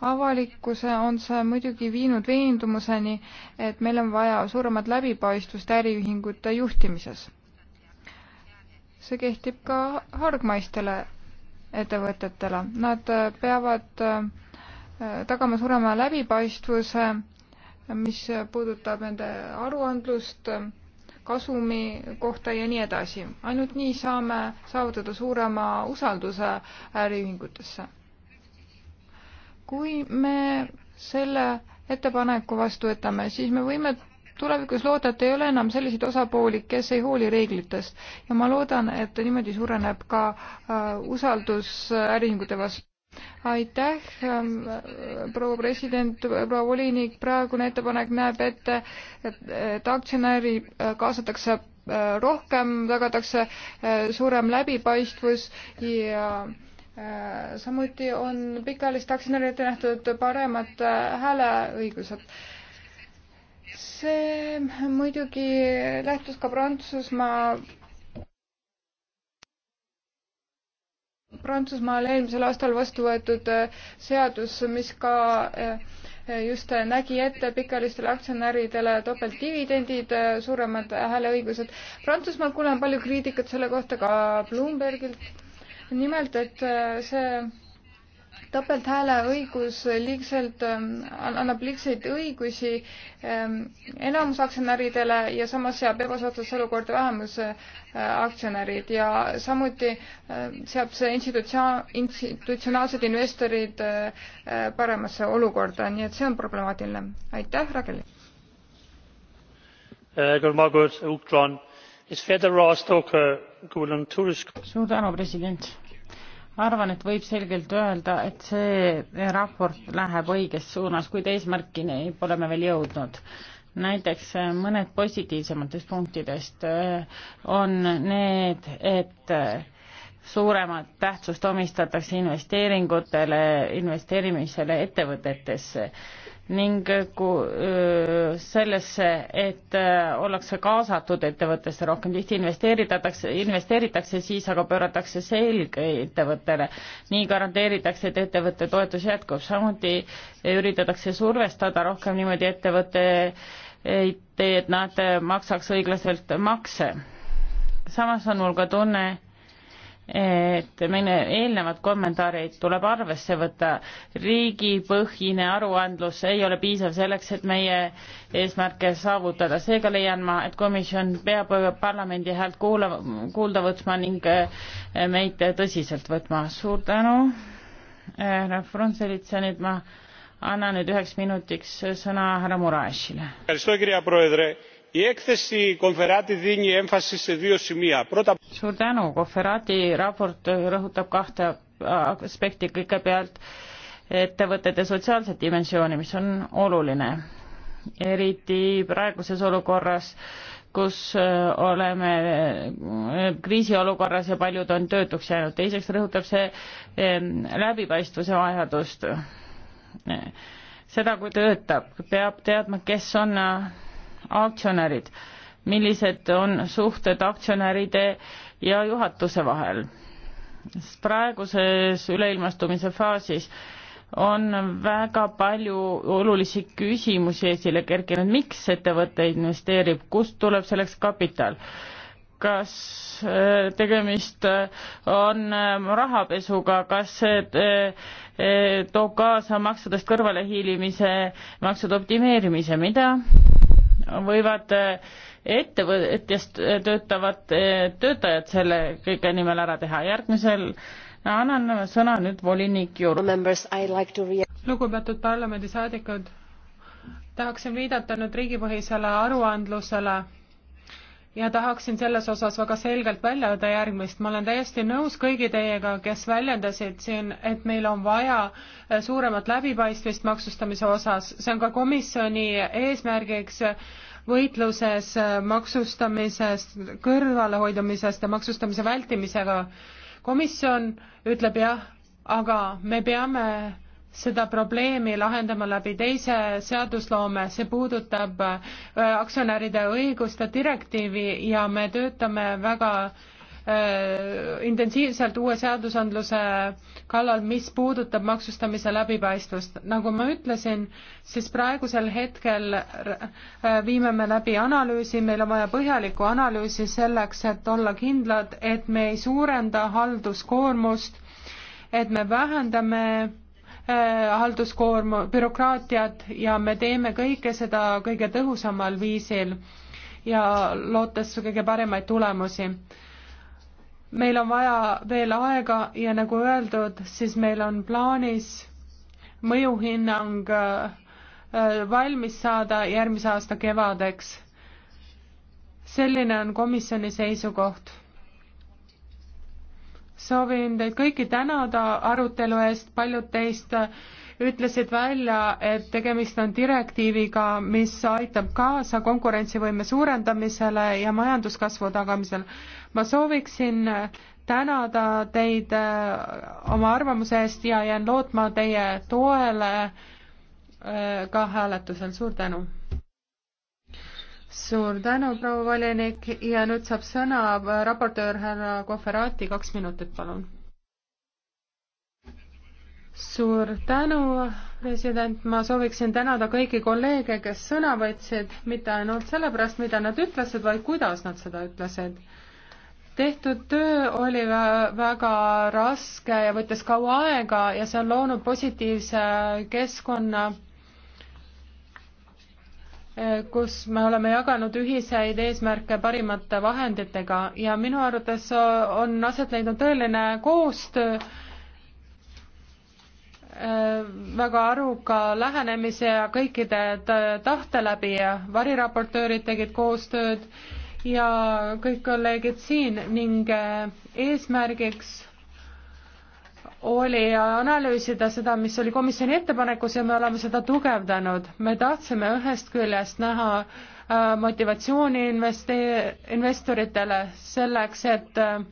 avalikkuse on see muidugi viinud veendumuseni, et meil on vaja suuremat läbipaistvust äriühingute juhtimises. see kehtib ka hargmaistele ettevõtetele. Nad äh, peavad äh, tagama suurema läbipaistvuse, mis puudutab nende aruandlust, kasumi kohta ja nii edasi. ainult nii saame saavutada suurema usalduse äriühingutesse. kui me selle ettepaneku vastu võtame, siis me võime tulevikus loota, et ei ole enam selliseid osapooli, kes ei hooli reeglitest ja ma loodan, et niimoodi suureneb ka äh, usaldus äh, äriühingute vastu aitäh, ähm, äh, proua president, proua volinik, praegune ettepanek näeb ette, et, et aktsionäri kaasatakse rohkem, tagatakse suurem läbipaistvus ja samuti on pikaajaliste aktsionäride ette nähtud paremad hääleõigused see muidugi lähtus ka Prantsusmaa Prantsusmaal eelmisel aastal vastu võetud äh, seadus, mis ka äh, äh, just nägi ette pikalistele aktsionäridele topeltdividendid, suuremad hääleõigused. Prantsusmaal kuulen palju kriitikat selle kohta ka Bloombergilt. nimelt, et see topelthääleõigus liigselt ähm, annab liigseid õigusi ähm, enamusaktsionäridele ja samas seab ebasoodsasse olukorda vähemuse äh, aktsionärid ja samuti äh, seab see institutsioon, institutsionaalsed investorid äh, paremasse olukorda, nii et see on problemaatiline. aitäh, Rageli! Uh, suur tänu, president! arvan, et võib selgelt öelda, et see raport läheb õiges suunas, kuid eesmärkini pole me veel jõudnud. näiteks mõned positiivsematest punktidest eh, on need, et eh, suuremat tähtsust omistatakse investeeringutele, investeerimisele ettevõtetesse ning äh, äh, sellesse, et äh, ollakse kaasatud ettevõttesse rohkem, tihti investeeritakse, investeeritakse siis, aga pööratakse selg ettevõttele. nii garanteeritakse, et ettevõtte toetus jätkub, samuti üritatakse survestada rohkem niimoodi ettevõtteid, et nad maksaks õiglaselt makse. samas on mul ka tunne, et meie eelnevad kommentaarid tuleb arvesse võtta. riigipõhine aruandlus ei ole piisav selleks, et meie eesmärke saavutada. seega leian ma, et komisjon peab parlamendi häält kuula, kuulda võtma ning eh, meid tõsiselt võtma. suur tänu, härra Frunzelitsa, nüüd ma annan nüüd üheks minutiks sõna härra Murashile. Η έκθεση Κονφεράτη δίνει έμφαση σε δύο σημεία. Πρώτα... Suur tänu. Κονφεράτη raport rõhutab kahte äh, aspekti kõigepealt ettevõtete sotsiaalset dimensiooni, mis on oluline. Eriti praeguses olukorras, kus äh, oleme äh, kriisiolukorras ja paljud on töötuks jäänud. teiseks rõhutab see ähm, läbipaistvuse vajadust. seda, kui töötab, peab teadma, kes on aktsionärid, millised on suhted aktsionäride ja juhatuse vahel. praeguses üleilmastumise faasis on väga palju olulisi küsimusi esile kerkinud, miks ettevõte investeerib, kust tuleb selleks kapital? kas äh, tegemist äh, on äh, rahapesuga, kas see toob kaasa maksudest kõrvalehiilimise, maksude optimeerimise, mida võivad eh, ettevõtjast eh, töötavad eh, töötajad selle kõige nimel ära teha. järgmisel annan sõna nüüd volinik Jurule. lugupeetud parlamendisaadikud, tahaksin viidata nüüd riigipõhisele aruandlusele ja tahaksin selles osas väga selgelt välja öelda järgmist. ma olen täiesti nõus kõigi teiega, kes väljendasid siin, et meil on vaja eh, suuremat läbipaistvist maksustamise osas. see on ka komisjoni eesmärgiks võitluses eh, maksustamisest, kõrvalehoidumisest ja maksustamise vältimisega. komisjon ütleb jah, aga me peame seda probleemi lahendama läbi teise seadusloome, see puudutab äh, aktsionäride õiguste direktiivi ja me töötame väga äh, intensiivselt uue seadusandluse kallal, mis puudutab maksustamise läbipaistvust. nagu ma ütlesin, siis praegusel hetkel äh, viime me läbi analüüsi, meil on vaja põhjalikku analüüsi selleks, et olla kindlad, et me ei suurenda halduskoormust, et me vähendame Äh, halduskoorm, bürokraatiat ja me teeme kõike seda kõige tõhusamal viisil ja lootes kõige paremaid tulemusi. meil on vaja veel aega ja nagu öeldud, siis meil on plaanis mõjuhinnang äh, äh, valmis saada järgmise aasta kevadeks. selline on komisjoni seisukoht soovin teid kõiki tänada arutelu eest, paljud teist ütlesid välja, et tegemist on direktiiviga, mis aitab kaasa konkurentsivõime suurendamisele ja majanduskasvu tagamisele. ma sooviksin tänada teid äh, oma arvamuse eest ja jään lootma teie toele äh, ka hääletusel, suur tänu! suur tänu, proua volinik ja nüüd saab sõna äh, raportöör härra Kohverati, kaks minutit, palun. suur tänu, president, ma sooviksin tänada kõiki kolleege, kes sõna võtsid, mitte ainult sellepärast, mida nad ütlesid, vaid kuidas nad seda ütlesid. tehtud töö oli väga raske ja võttis kaua aega ja see on loonud positiivse keskkonna Eh, kus me oleme jaganud ühiseid eesmärke parimate vahenditega ja minu arvates eh, on aset leidnud tõeline koostöö eh, väga aruka lähenemise ja kõikide tahte läbi ja variraportöörid tegid koostööd ja kõik kolleegid siin ning eesmärgiks oli analüüsida seda, mis oli komisjoni ettepanekus ja me oleme seda tugevdanud. me tahtsime ühest küljest näha äh, motivatsiooni investee-, investoritele selleks, et äh,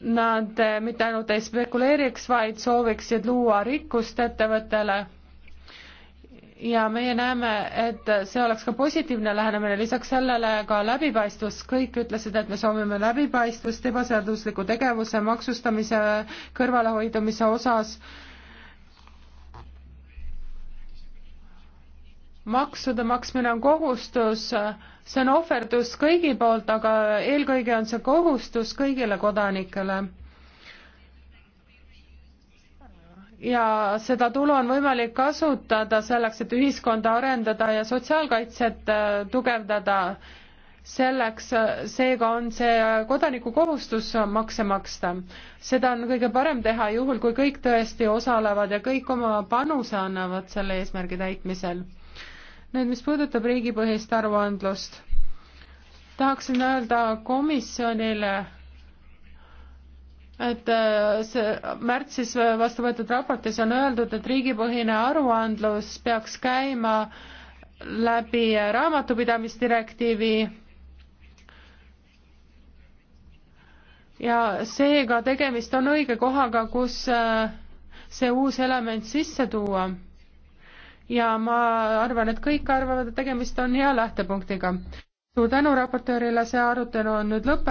nad äh, mitte ainult ei spekuleeriks, vaid sooviksid luua rikkust ettevõttele ja meie näeme, et see oleks ka positiivne lähenemine, lisaks sellele ka läbipaistvus, kõik ütlesid, et me soovime läbipaistvust ebaseadusliku tegevuse maksustamise kõrvalehoidumise osas. maksude maksmine on kohustus, see on ohverdus kõigi poolt, aga eelkõige on see kohustus kõigile kodanikele ja seda tulu on võimalik kasutada selleks, et ühiskonda arendada ja sotsiaalkaitset äh, tugevdada. selleks, äh, seega on see kodaniku kohustus makse maksta. seda on kõige parem teha juhul, kui kõik tõesti osalevad ja kõik oma panuse annavad selle eesmärgi täitmisel. nüüd, mis puudutab riigipõhist aruandlust, tahaksin öelda komisjonile et äh, see märtsis vastu võetud raportis on öeldud, et riigipõhine aruandlus peaks käima läbi raamatupidamisdirektiivi ja seega tegemist on õige kohaga, kus äh, see uus element sisse tuua. ja ma arvan, et kõik arvavad, et tegemist on hea lähtepunktiga. suur tänu raportöörile, see arutelu on nüüd lõppenud.